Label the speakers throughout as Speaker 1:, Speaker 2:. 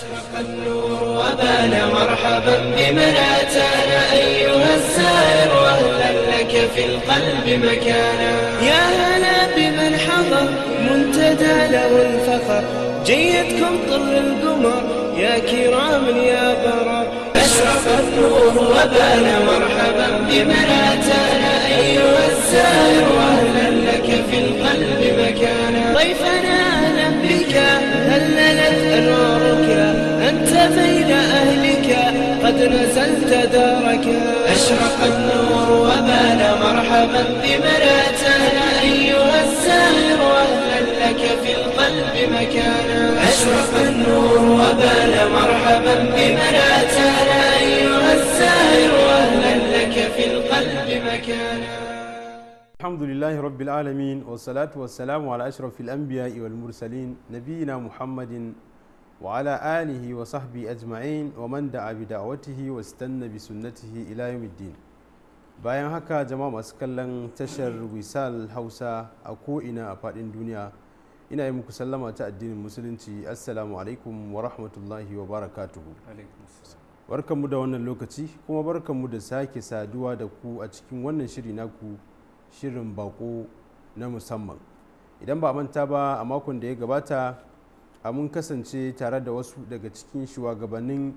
Speaker 1: أشرق النور وبان مرحبا بمن أتانا أيها الزائر وأهلا لك في القلب مكانا يا هلا
Speaker 2: بمن حضر منتدى له الفخر جيدكم طر القمر
Speaker 1: يا كرام يا برر أشرق النور وبان مرحبا بمن أتانا أيها الزائر وأهلا لك في القلب مكانا ضيفنا أهلا بك هللت أنوار بين أهلك قد نزلت دارك أشرق النور وبان مرحبا بمراتنا أيها الساهر أهلا لك في القلب مكانا أشرق النور وبان مرحبا بمراتنا أيها الساهر أهلا لك في القلب مكانا
Speaker 3: الحمد لله رب العالمين والصلاة والسلام على أشرف الأنبياء والمرسلين نبينا محمد وعلى آله وصحبه أجمعين ومن دعا بدعوته واستنى بسنته إلى يوم الدين bayan haka jama'a masu kallon tashar wisal hausa a ko'ina a faɗin duniya ina yi muku sallama ta addinin musulunci assalamu alaikum wa rahmatullahi wa barakatuhu barkanmu da wannan lokaci kuma barkanmu da sake saduwa da ku a cikin wannan shiri naku shirin bako na musamman idan ba manta ba a makon da ya gabata a mun kasance tare da wasu daga cikin shugabannin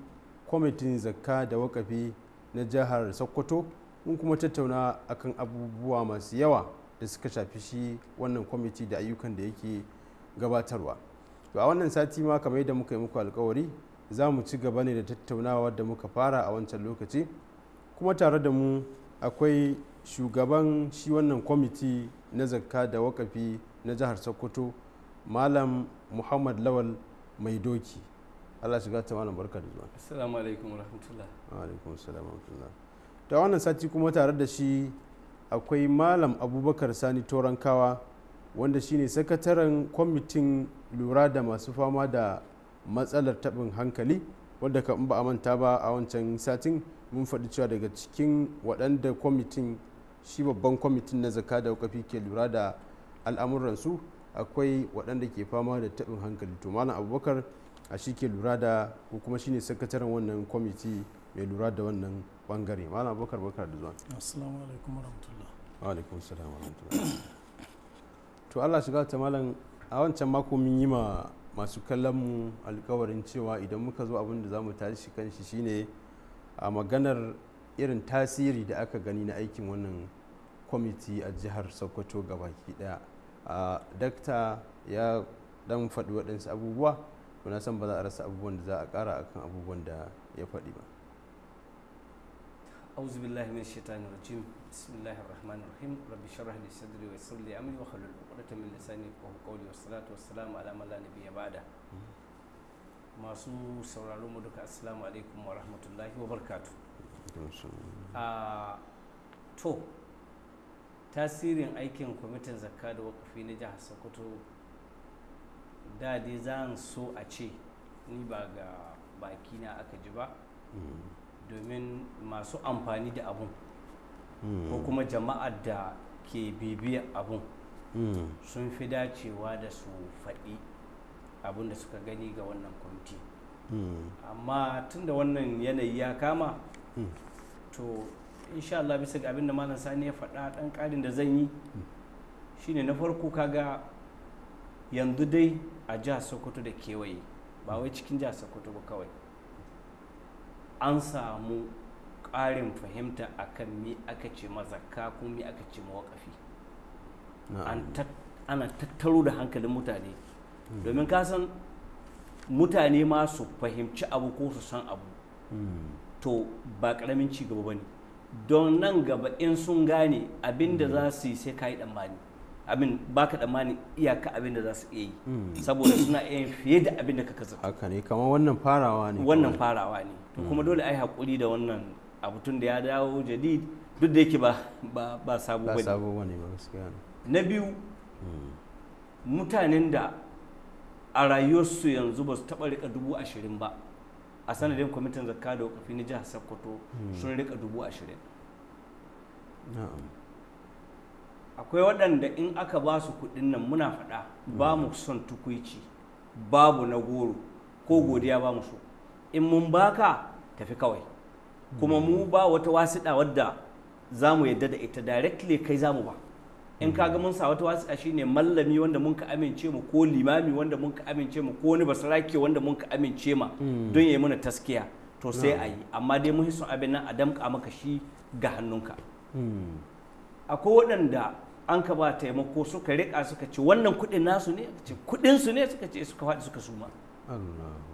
Speaker 3: kwamitin zakka da wakafi na jihar sokoto mun kuma tattauna akan abubuwa masu yawa da suka shafi shi wannan kwamiti da ayyukan da yake gabatarwa to a wannan sati ma kamar yadda muka yi muku alkawari za mu ci gaba ne da tattaunawa da muka fara a wancan lokaci kuma tare da mu akwai shugaban shi wannan kwamiti na zakka da wakafi na jihar sokoto malam muhammad lawal mai doki allah shiga ta malam barka da zuwa assalamu alaikum warahmatullah alaikum assalamu warahmatullah ta wannan sati kuma tare da shi akwai malam abubakar sani torankawa wanda shine sakataren kwamitin lura da masu fama da matsalar tabin hankali wadda ka ba a manta ba a wancan satin mun faɗi cewa daga cikin waɗanda kwamitin shi babban kwamitin na zaka da wakafi ke lura da al'amuransu akwai waɗanda ke fama da taɓin hankali to malam abubakar a shi ke lura da ko kuma shine sakataren wannan kwamiti mai lura da wannan bangare malam abubakar bakar da zuwan
Speaker 4: assalamu alaikum warahmatullah
Speaker 3: wa alaikum assalam warahmatullah to Allah shiga ta malam a wancan mako mun yi ma masu kallon mu alkawarin cewa idan muka zo abin da zamu tashi kan shi shine a maganar irin tasiri da aka gani na aikin wannan kwamiti a jihar Sokoto gabaki daya a dakta ya dan faɗi waɗansu abubuwa kuna san ba za a rasa abubuwan da za a ƙara akan abubuwan da ya faɗi ba
Speaker 2: أعوذ بالله من الشيطان الرجيم بسم الله الرحمن الرحيم رب اشرح لي صدري ويسر لي أمري واحلل عقدة من لساني يفقهوا قولي والصلاة والسلام على من لا نبي بعده masu sauraron mu duka assalamu alaikum wa rahmatullahi wa barkatu to tasirin aikin kwamitin zakka da wakafi na jihar sokoto da dai zan so a ce ni ba ga baki na aka ji ba mm. domin masu amfani da abun
Speaker 1: mm. ko kuma
Speaker 2: jama'ar da ke bibiya abun mm. sun fi dacewa da su faɗi abun da suka gani ga wannan kwamiti amma tunda wannan yanayi ya kama to insha Allah bisa ga abin da malam sani ya faɗa ɗan ƙarin da zan yi shine na farko kaga yanzu dai a jihar sokoto da kewaye ba wai cikin jihar sokoto ba kawai an samu ƙarin fahimta akan me aka ce mazaka ko me aka ce mawakafi ana tattaro da hankalin mutane
Speaker 3: hmm. domin ka san
Speaker 2: mutane ma su fahimci abu ko su san abu hmm. to ba ƙaramin cigaba ba ne don nan gaba in sun gane abin da za su yi sai ka yi damani. abin baka damani iyaka abin da za su iya yi hmm. saboda suna iya yin fiye da abin da ka kasa haka
Speaker 3: ne kamar wannan
Speaker 2: farawa ne wannan farawa ne kuma hmm. dole ai hakuri da wannan abutun da ya dawo jadid duk da yake ba ba sabo bane ba sabo
Speaker 3: bane ba gaskiya na biyu hmm.
Speaker 2: mutanen da a rayuwarsu yanzu ba su taɓa rika dubu ashirin ba a sanadin kwamitin zakka da wakafi na jihar sokoto hmm. sun rika dubu ashirin akwai waɗanda in aka ba su kuɗin nan muna faɗa hmm. ba mu son tukuici babu na goro ko hmm. godiya ba mu so in mun baka tafi kawai kuma mu ba wata wasiɗa wadda za mu yadda da ita directly kai za mu ba in kaga mun sa wata wasiƙa shine mallami wanda mun ka amince mu ko limami wanda mun ka amince mu ko wani basarake wanda mun ka amince ma hmm. don yayi mana taskiya to sai a yi amma dai mun son abin nan a damƙa maka shi ga hannunka hmm. akwai waɗanda an ka ba taimako suka riƙa suka ce wannan kuɗin nasu ne kuɗin su ne suka ce suka faɗi suka suma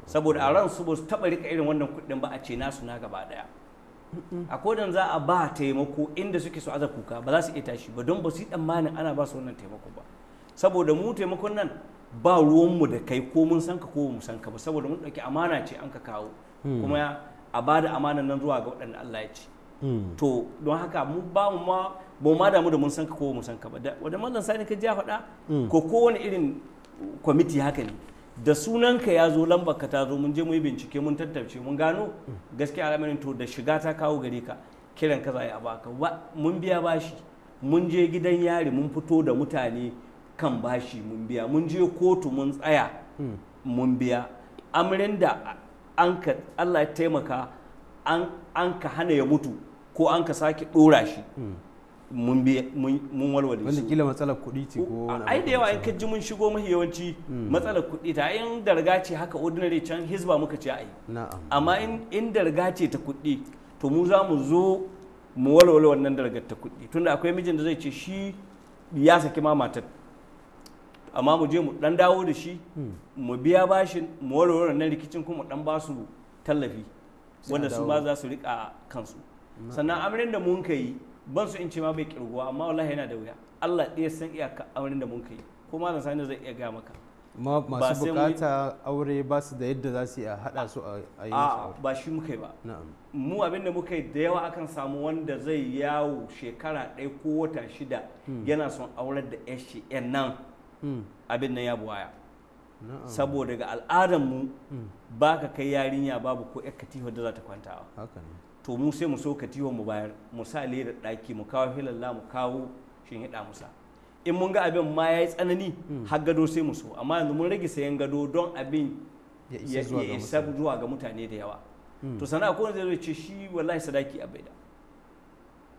Speaker 2: saboda a ran su ba su taɓa riƙa irin wannan kuɗin ba a ce nasu na gaba ɗaya a kodan za a ba taimako inda suke su aza kuka ba za su iya tashi ba don ba su yi tsammanin ana ba su wannan taimako ba saboda mu taimakon nan ba ruwanmu da kai ko mun san ka ko mun san ka ba saboda mun ɗauki amana ce an ka kawo hmm. kuma a ba da amanan nan zuwa ga waɗanda Allah ya ce hmm. to don haka mu ba mu ma ba ma damu da mun san ka ko mun san ka ba da wanda mallan sani ka ja faɗa hmm. ko kowane irin kwamiti haka ne da sunanka ya zo lambar ka ta zo mun je mu yi bincike mun tattace mun gano gaskiya al'amarin to da shiga ta kawo gare ka kiran ka zai a baka mun biya bashi mun je gidan yari mun fito da mutane kan bashi mun biya mun je kotu mun tsaya mun biya amarin da an ka Allah ya taimaka an ka hana ya mutu ko an ka sake ɗora shi mun bi mun walwale wanda kila matsalar kuɗi ce ko ai da yawa in ka ji mun shigo mahi yawanci hmm. matsalar kuɗi ta in darga ce haka ordinary can hizba muka ce ai amma in darga ce ta kuɗi to mu za mu zo mu walwale wannan dargar ta kuɗi tunda akwai mijin da zai ce shi ya saki ma matar amma mu je mu dan dawo da shi hmm. mu biya bashin mu walwale wannan rikicin kuma dan ba su tallafi wanda su ma za su rika kansu sannan amarin da mun ka yi ban su in ce ma bai kirguwa amma wallahi yana da wuya Allah ɗaya san iyaka auren da mun kai ko zan sani zai iya ga maka
Speaker 3: masu bukata aure ba su da yadda za su iya hada su a yi ba shi muka yi ba
Speaker 2: mu abin da muka yi da yawa akan samu wanda zai yawo shekara ɗaya ko wata shida hmm. yana son aurar da yashi yan nan hmm. abin nan ya buwaya saboda ga al'adar mu hmm. ba ka kai yarinya babu ko yar katifa da za ta kwantawa to mu sai mu so katiwa mu bayar mu sa leda ɗaki mu kawo filalla mu kawo shin hida musa in mun ga abin ma yayi tsanani hmm. har gado sai mu so amma yanzu mun rage sayan gado don abin ya isa zuwa ga mutane da yawa hmm. to sana'a ko zai ce shi wallahi sadaki abaida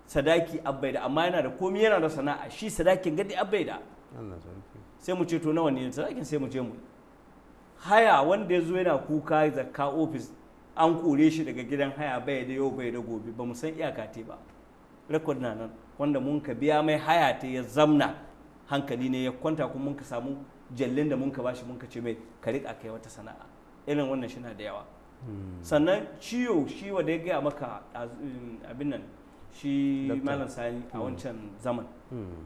Speaker 2: sadaki abaida amma yana da komai yana da sana'a shi sadakin gadi abaida sai mu ce to nawa ne sadakin sai mu je mu haya wanda ya zo yana kuka zakka ofis an kore shi daga gidan haya bai da yau bai da gobe ba san iyaka te ba rekod na nan wanda mun ka biya mai haya ta ya zamna hankali ne ya kwanta kuma mun ka samu jallin da mun ka bashi mun ka ce mai ka rika kai wata sana'a irin wannan shi da yawa hmm. sannan ciwo shi wanda ya gaya maka abin nan shi malam sani a hmm. wancan zaman hmm.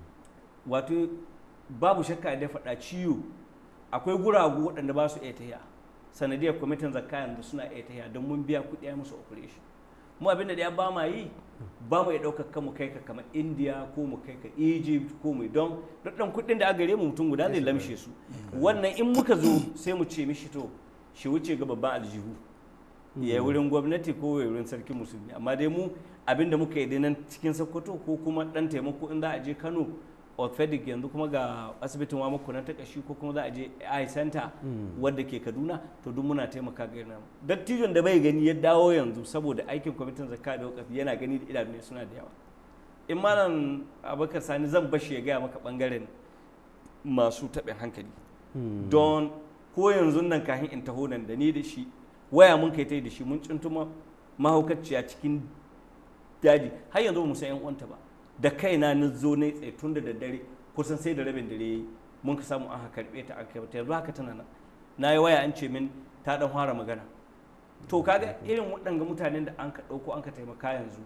Speaker 2: wato babu shakka da faɗa ciwo akwai guragu waɗanda ba su iya tahiya sanadiyar kwamitin zakayan yanzu suna iya tahiya don mun biya kuɗi ya musu operation mu abin da ya ba ma yi ba mu ya ɗaukar kanmu kai ka kamar india ko mu kai ka egypt ko mu don ɗaɗɗan kuɗin da aka gare mu mutum guda zai lamshe su wannan in muka zo sai mu ce mishi to shi wuce ga babban aljihu ya hmm. wurin gwamnati ko ya wurin sarki musulmi amma dai mu abinda muka yi nan cikin sokoto ko kuma ɗan taimako in za a je kano orthopedic yanzu kuma ga asibitin wa makuna ta kashi ko kuma za a je eye center hmm. wadda ke kaduna to duk muna taimaka ga yana dattijon da bai gani ya dawo yanzu saboda aikin kwamitin zakka da wakafi yana gani da idanu suna da yawa in malam abakar sani zan bashi ya gaya maka bangaren masu taɓin hankali hmm. don ko yanzu nan kahin in taho nan da ni da shi waya mun kai ta da shi mun cintuma mahaukaciya cikin daji har yanzu ba mu san yan uwanta ba da kaina na zo ne tsaye tun da daddare kusan sai da rabin dare mun ka samu an karɓe ta an karɓe yanzu haka tana nan na yi waya an ce min ta dan fara magana to kaga irin waɗanga mutanen da an ka ɗauko an ka taimaka yanzu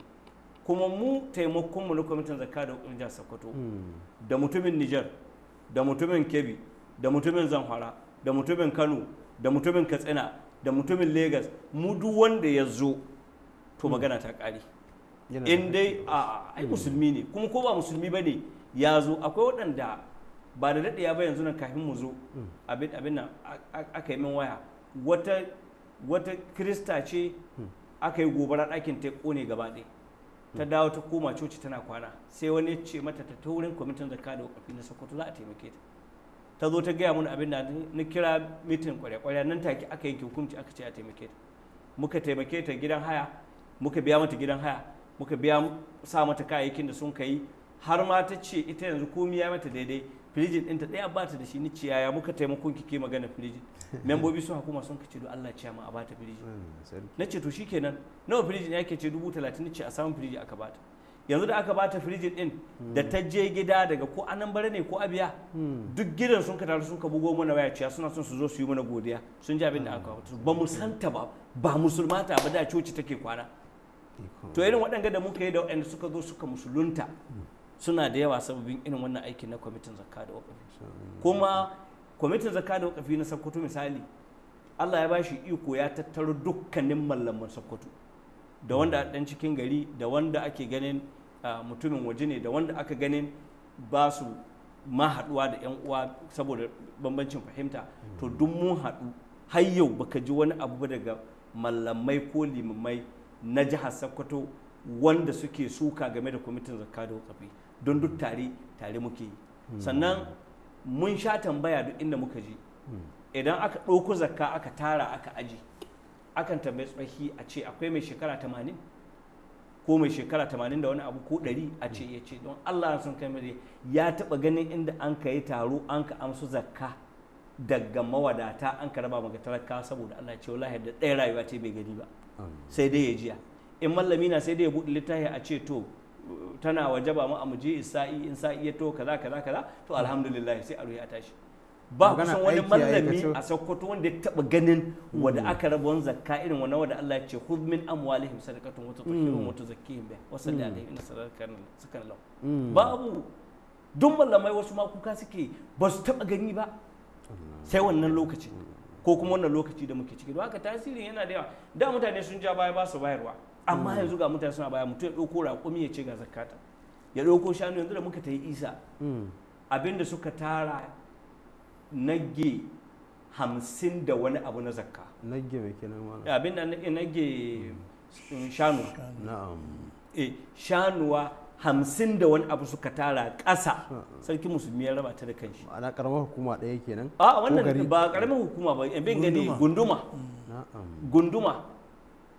Speaker 2: kuma mu taimakon mu na kwamitin zakka da hukumar jihar sokoto hmm. da mutumin niger da mutumin kebbi da mutumin zamfara da mutumin kano da mutumin katsina da mutumin lagos mu duk wanda ya zo to hmm. magana ta ƙare in dai a ai musulmi ne kuma ko ba musulmi ba ne ya zo akwai waɗanda ba da daɗe ya ba yanzu nan kafin mu zo hmm. abin abin nan aka yi min waya wata wata krista ce hmm. aka yi gobara ɗakin ta kone gaba ɗaya ta hmm. dawo ta koma coci tana kwana sai wani ya ce mata ta taurin kwamitin zakka da wakafi na sokoto za a taimake ta ta zo ta gaya mun abin da na kira mitin kwarya-kwarya nan take aka yanke hukunci aka ce a taimake ta muka taimake ta gidan haya muka biya mata gidan haya muka biya sa mata kayayyakin da sun kai har ma ta ce ita yanzu komi ya mata daidai firijin ɗinta ɗaya ba ta da shi ni ciyaya muka taimakon ke magana firijin membobi sun hakuma sun kace don Allah ciya ma a bata firijin
Speaker 1: hmm,
Speaker 2: na ce to shikenan nawa firijin yake ce dubu talatin ni ce a samun firiji aka bata yanzu da aka bata firijin ɗin hmm. da ta je gida daga ko anan bare ne ko abiya hmm. duk gidan sun ka taru sun ka bugo mana waya ciya suna son su zo su yi mana godiya sun ji abin da aka ba mu santa ba ba musulmata ba da coci take kwana to irin waɗanda da muka yi da waɗanda suka zo suka musulunta suna da yawa sababin irin wannan aiki na kwamitin zakka da wakafi kuma kwamitin zakka da wakafi na Sokoto misali allah ya ba shi iko ya tattaro dukkanin mallaman sakkwato da wanda a ɗan cikin gari da wanda ake ganin mutumin waje ne da wanda aka ganin ba su ma haɗuwa da 'yan uwa saboda bambancin fahimta to duk mun haɗu har yau baka ji wani abu daga mallamai ko limamai na jihar sokoto wanda suke suka game da kwamitin zakka da wakafi don duk tare tare muke hmm. sannan mun sha tambaya duk inda muka je hmm. idan aka ɗauko zakka aka tara aka aji akan tambayi tsohi a ce akwai mai shekara 80 ko mai shekara 80 da wani abu ko 100 a ce ya ce don allah sun kai mai ya taɓa ganin inda an ka yi taro an ka amsu zakka daga mawadata an ka raba maga talaka saboda allah ce wallahi da ɗaya rayuwa ce bai gani ba sai dai ya jiya in mallami na sai dai ya buɗe littafi a ce to tana wajaba mu a mu je isa'i in sa'i ya to kaza kaza kaza to alhamdulillah sai a ruhi a tashi ba kusan wani mallami a sokoto wanda ya taba ganin hmm. wanda aka raba wani zakka irin wani wanda Allah ya ce khudh min amwalihim sadaqatun wa tutahhiruhum hmm. wa tuzakkihim da wa salli hmm. alaihim inna sukan lau. lahu babu duk mallamai wasu ma kuka suke ba su taba gani ba sai wannan lokacin ko kuma wannan lokaci da muke ciki don haka tasirin yana da yawa da mutane sun ja baya ba su bayarwa amma mm. yanzu ga mutane suna baya mutum ya ɗauko raƙumi ya ce ga zakata ya ɗauko shanu yanzu da muka ta yi isa mm. abinda suka tara nage hamsin da wani abu na zakka
Speaker 3: nage mai kenan wani
Speaker 2: da nage mm. shanu eh, shanuwa hamsin da wani abu suka tara ƙasa sarki musulmi ya raba ta da kanshi ana karamar
Speaker 3: hukuma ɗaya kenan a wannan
Speaker 2: ba karamar hukuma ba yan gani gunduma gunduma hmm.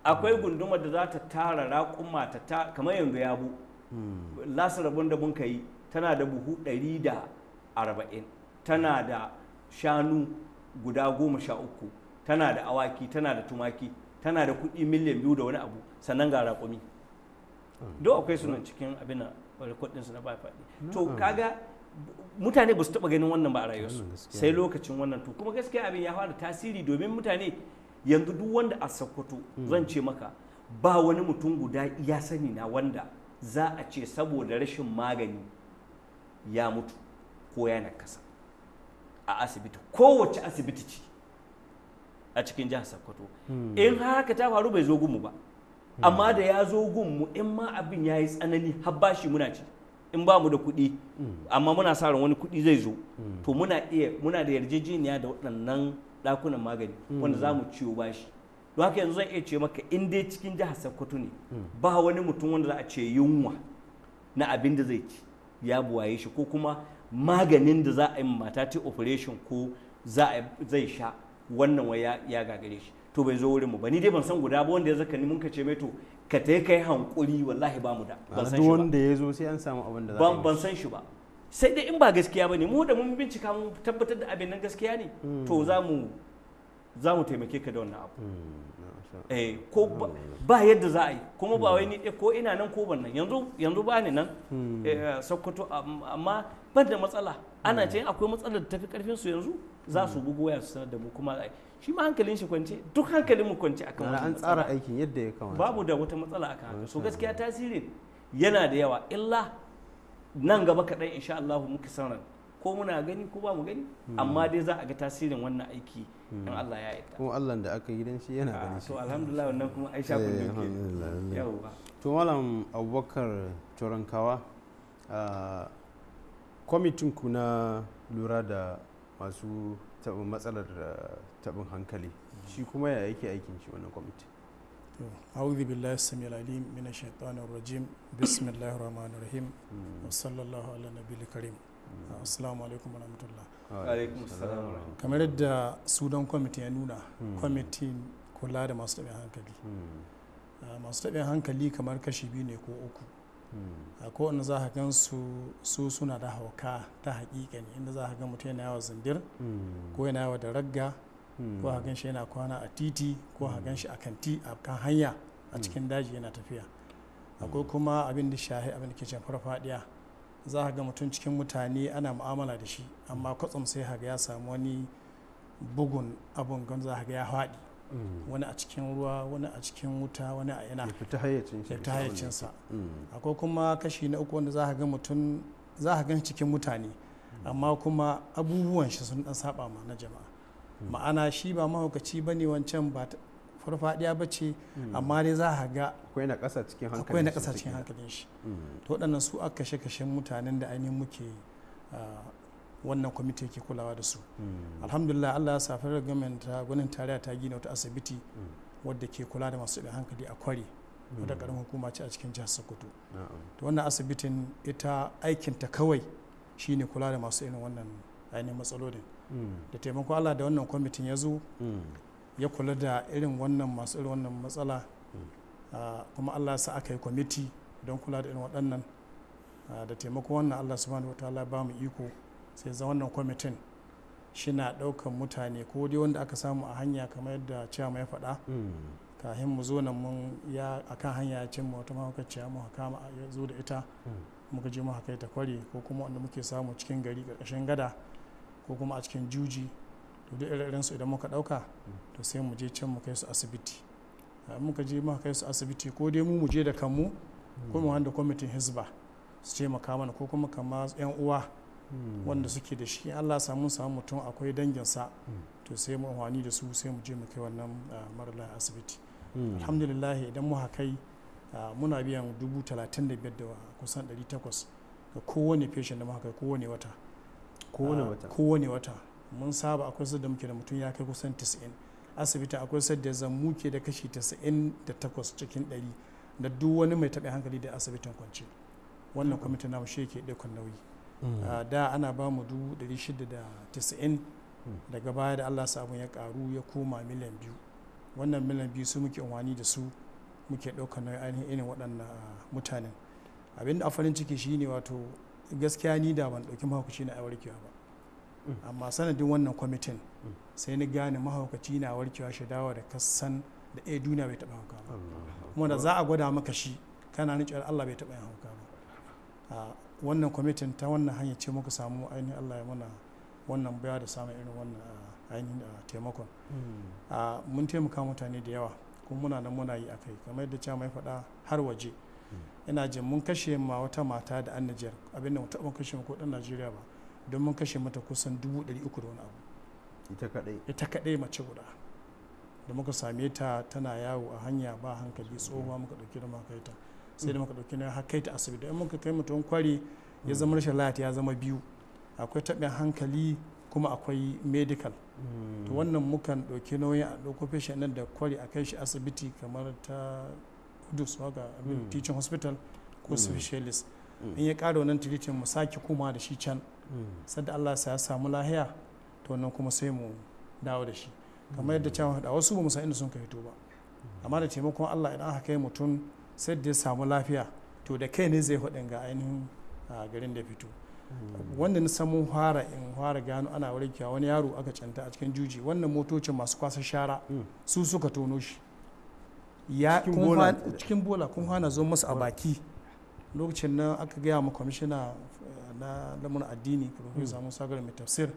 Speaker 2: akwai gunduma da za ta tara raƙuma ta ta kamar yanzu ya bu
Speaker 1: hmm.
Speaker 2: lasa rabon da mun kai tana da buhu ɗari da arba'in tana da shanu guda goma sha uku tana da awaki tana da tumaki tana da kuɗi miliyan biyu da wani abu sannan ga raƙumi don akwai sunan cikin abin rikodin su na ba faɗi to hmm. kaga mutane ba su taɓa ganin wannan ba a rayuwarsu sai lokacin wannan to kuma gaskiya abin ya fara tasiri domin mutane yanzu duk wanda a sakkwato hmm. zan ce maka ba wani mutum guda ya sani na wanda za a ce saboda rashin magani ya mutu ko ya nakasa a asibiti kowace asibiti ce a cikin jihar sokoto hmm. in haka ta faru bai zo gumu ba amma da ya zo gun mu in ma abin ya yi tsanani har bashi muna ci in ba mu da kuɗi amma muna sa ran wani kuɗi zai zo to muna iya muna da yarjejeniya da waɗannan ɗakunan magani wanda za mu ciwo bashi don haka yanzu zan iya ce maka in dai cikin jihar sokoto ne ba wani mutum wanda za a ce yunwa na abin da zai ci ya buwaye shi ko kuma maganin da za a yi mata ta operation ko zai sha wannan waya ya gagare shi to bai zo wurin mu ba ni dai ban san guda ba wanda ya zaka ni mun kace mai to ka tai kai hankuri wallahi ba mu da ban san shi ba
Speaker 3: wanda ya zo sai an samu abin da za ban ban
Speaker 2: san shi ba sai dai in ba gaskiya bane mu da mun bincika mun tabbatar da abin nan gaskiya ne hmm. to za mu za mu taimake ka da wannan abu hmm. eh ko ba yadda za a yi kuma ba wai hmm. ni ko ina nan ko ban nan yanzu yanzu ba ni nan eh, sokoto amma ban da matsala ana ce akwai matsalar da tafi karfin su yanzu za su bugu waya su sanar da mu kuma shi ma hankalin shi kwance duk hankalin mu kwance akan wannan an tsara aikin yadda ya kamata babu da wata matsala akan haka so gaskiya tasirin yana da yawa illa nan gaba kaɗan insha Allah muka sanar ko muna gani ko ba mu gani hmm. amma dai za a ga tasirin wannan aiki in hmm. Allah ya yi
Speaker 3: kuma Allah da aka gidan shi yana gani so
Speaker 2: ah, alhamdulillah wannan kuma Aisha kun duke
Speaker 3: to malam Abubakar Turankawa ah, kwamitin ku na lura da masu taɓin matsalar eh, taɓin hankali shi mm. kuma ya yake aikin shi wannan kwamiti
Speaker 4: أعوذ بالله السميع العليم من الشيطان الرجيم بسم الله الرحمن الرحيم ala الله على النبي alaikum السلام عليكم kamar yadda sudan kwamiti ya nuna mm. kwamitin kula da masu taɓin hankali mm. eh, masu taɓin hankali kamar kashi biyu ne ko uku a kowane za ka gan su suna da hauka ta ne inda za ka ga mutum yana yawa zindir ko yana yawa da ragga ko a gan shi yana kwana a titi ko a gan shi a kanti a kan hanya a cikin daji yana tafiya akwai kuma abin da shahi abin da ke shan farfadiya za ka ga mutum cikin mutane ana mu'amala da shi amma kwatsam sai ga ya samu wani bugun abun gan za ka ga ya faɗi Mm. wani a cikin ruwa wani a cikin wuta wani a yana ta hayyacinsa mm. akwai kuma kashi na uku wanda za ga mutum za gan cikin mutane mm. amma kuma abubuwan shi sun dan saba ma na jama'a ma'ana shi ba mahaukaci ba ne wancan ba farfadiya ba ce amma dai za a ga
Speaker 3: akwai na ƙasa cikin hankalin shi
Speaker 4: to waɗannan su aka kashe-kashen mutanen da ainihin muke ah, wannan kwamiti ke kulawa da su hmm. alhamdulillah allah ya safi gwamnati gwanin tarayya ta gina wata asibiti hmm. wadda ke kula da masu ɗan hankali a kwari. wadda hmm. ƙaramin hukuma ce a cikin jihar sokoto to wannan asibitin ita aikinta kawai shine kula da masu irin wannan ainihin matsalolin da taimako allah da wannan kwamitin ya zo ya kula da irin wannan masu irin wannan matsala ah, kuma allah sa aka yi kwamiti don kula da irin waɗannan ah, da taimako wannan allah subhanahu wa ta'ala ba mu iko sai za wannan kwamitin shi na ɗaukan mutane ko dai wanda aka samu a hanya kamar yadda ciyama ya faɗa kafin mu zo nan mun ya kan hanya ya cin mawata wata mahaukaciya mu kama a zo da ita muka je mu kai ta kware ko kuma wanda muke samu cikin gari ƙarƙashin gada ko kuma a cikin juji to duk irin su idan muka ɗauka to sai mu je can mu kai su asibiti muka je mu kai su asibiti ko dai mu mu je da kanmu ko mu wanda kwamitin hizba su ce mana ko kuma kamar yan uwa wanda suke da shi allah samu samu mutum akwai danginsa to sai mu amfani da su sai mu je mu kai wannan ah, mara asibiti hmm. alhamdulillah idan mu kai ah, muna biyan dubu talatin da biyar da kusan ɗari takwas ga kowane feshin da muka kai kowane ah, wata kowane wata mun saba akwai sadda muke da mutum ya kai kusan 90 asibiti akwai sadda zan muke da kashi 98 cikin 100 da duk wani mai taɓa hankali da asibitin kwance wannan hmm. kwamitin namu shi ke ɗaukar nauyi Mm. Ah, da ana ba mu dubu ɗari shida da tisa'in mm. daga baya da allah sabon ya karu ya koma miliyan biyu wannan miliyan biyu su muke wani da su muke ɗauka na ainihin irin waɗannan ah, mutanen abin da a farin ciki ne wato gaskiya ni da ban ɗauki mahaukaci na warkewa ba mm. amma sanadin wannan kwamitin sai ni gane mahaukaci na warkewa shi dawa da kasan da ɗaya eh, duniya bai taɓa hauka ba kuma da za a gwada maka shi kana ni allah bai taɓa yin hauka ba ah, wannan kwamitin ta wannan hanyar ce muka samu ainihin allah ya mana wannan baya da samun irin wannan ah, ainihin ah, taimakon hmm. ah, mun taimaka mutane da yawa kuma muna nan muna yi a kai kamar yadda cewa mai faɗa har waje hmm. ina jin mun kashe ma wata mata da an nijar abinda mu taɓa kashe ko ɗan najeriya ba don mun kashe mata kusan dubu ɗari uku da wani abu ita kaɗai ita kaɗai mace guda da muka same ta tana yawo a hanya ba hankali hmm. tsohuwa muka ɗauki da muka kai ta sai da muka dauki na har kai ta asibiti in muka kai mutum kwari ya zama rashin lafiya ya zama biyu akwai taɓin hankali kuma akwai medical hmm. to wannan mukan dauki nauyin a dauko fashe nan da kwari a kai shi asibiti kamar ta kudus ga hmm. teaching hospital ko hmm. specialist in ya ƙara wannan tiritin mu sake koma da shi can sadda allah ya samu lahiya to wannan kuma sai mu dawo da shi kamar yadda can da wasu ba mu san inda sun ka fito ba amma da taimakon allah idan aka kai mutum sai da ya samu lafiya to da kai ne zai hudin ga ainihin garin da fito hmm. wanda na samu fara in fara gano ana warkewa wani yaro aka canta a cikin juji wannan motocin masu kwasa shara hmm. su suka tono shi cikin bola kun hana zo masu a hmm. baki lokacin nan aka gaya ma kwamishina eh, na lamurin addini profesa musa gari mai tafsir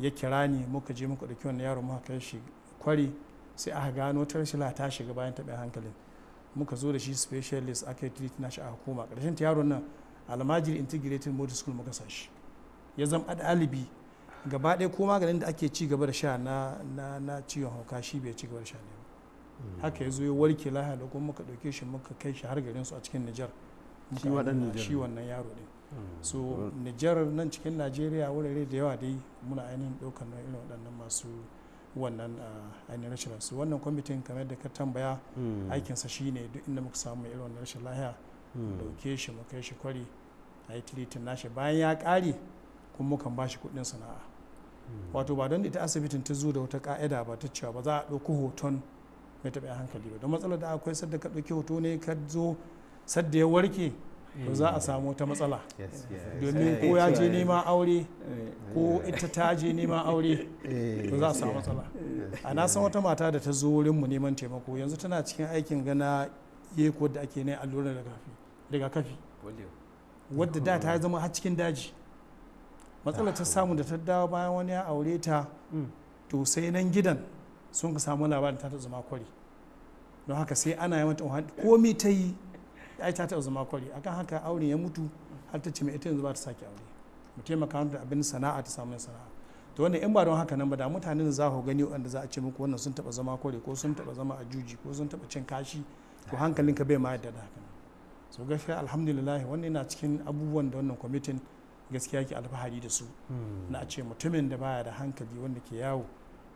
Speaker 4: ya kira ni muka je muka dauki wannan yaro muka kai shi kwari sai aka gano tarshila ta shiga bayan taɓin hankalin muka zo da shi specialist aka yi na shi a hukuma ƙarshen ta yaron nan almajiri integrated model school muka sa shi ya zama alibi. gaba ɗaya ko maganin da ake ci gaba da sha na ciwon hauka shi bai ci gaba da sha ne ba hmm. haka ya zo ya warke lahiya da kuma muka ɗauke shi muka kai shi har garin su a cikin Nijar shi wannan yaro ne. Hmm. so Nijar nan cikin Najeriya wurare da yawa dai muna ainihin ɗaukar irin waɗannan masu wannan ah, ainihin rashin su wannan kwamitin kamar da ka tambaya hmm. aikinsa shi ne duk inda muka samu irin wannan rashin lahiya dauke hmm. shi mu kai shi kwari a yi tilitin nashi bayan ya kare kuma mukan ba shi kuɗin sana'a hmm. wato ba don ita asibitin ta zo da wata ka'ida ba ta cewa ba za a ɗauki hoton mai taɓa hankali ba don matsalar da akwai sadda ka ɗauki hoto ne ka zo sadda ya warke to za a samu ta matsala domin ko eh, ya je eh. nema aure eh, ko ita ta je nema aure to za a samu matsala a na san wata mata da ta zo wurinmu neman taimako yanzu tana cikin aikin gana yeko da ake na allurar rigakafi wadda da ta zama har cikin daji matsala ta ah, samu da ta dawo bayan wani ya aure ta mm. to sai nan gidan sun ka samu labarin ta zama kwari don haka sai ana yi mata komi ta yi ai ta taɓa zama kwari akan haka aure ya mutu har ta ce mai ita yanzu ba ta sake aure mu taimaka da abin sana'a ta samu sana'a to wannan in ba don haka nan ba da mutanen za ku gani wanda za a ce muku wannan sun taɓa zama kwari ko sun taɓa zama a juji ko sun taɓa cin kashi ko to ka bai ma yadda da haka so gaskiya alhamdulillah wannan yana cikin abubuwan da wannan kwamitin gaskiya ke alfahari da su hmm. na ce mutumin da baya da hankali wanda ke yawo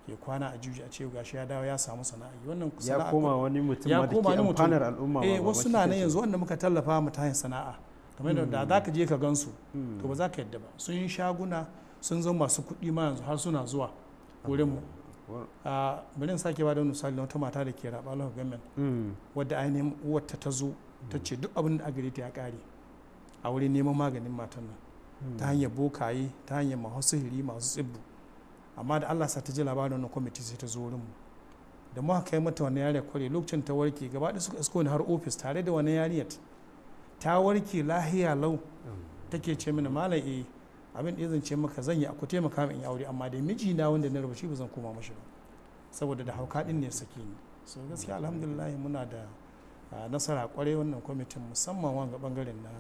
Speaker 4: ya kwana a juji a ce gashi ya dawo ya samu sana'a wannan ya koma wani mutum ya koma wani mutum al'umma eh wasu na nan yanzu wanda muka tallafa mu ta sana'a kamar da hmm. za ka je ka gansu hmm. to ba za ka yadda ba sun yi shaguna sun zama masu kuɗi ma yanzu har suna zuwa wurin mu hmm. ah, bari in sake ba da misali wata mata da ke raba lafa gamen wadda ainihin uwarta ta zo ta ce duk abin da agare ta ya kare a wurin neman maganin matan
Speaker 1: nan ta
Speaker 4: hanyar bokaye ta hanyar masu masu tsibbu amma da allah sa ta ji labarin wani kwamiti sai ta zo mu. da muka kai mata wani yariya kwarai lokacin ta warke gaba da suka iskoni har ofis tare da wani yariya ta warke lahiya lau take ce mini malam eh abin da zan ce maka zan yi akwai taimaka min aure amma da miji na wanda na rubuci ba zan koma mashi ba saboda da hauka din ne sake ni so gaskiya alhamdulillah muna da nasara kwarai wannan kwamitin musamman wanga bangaren na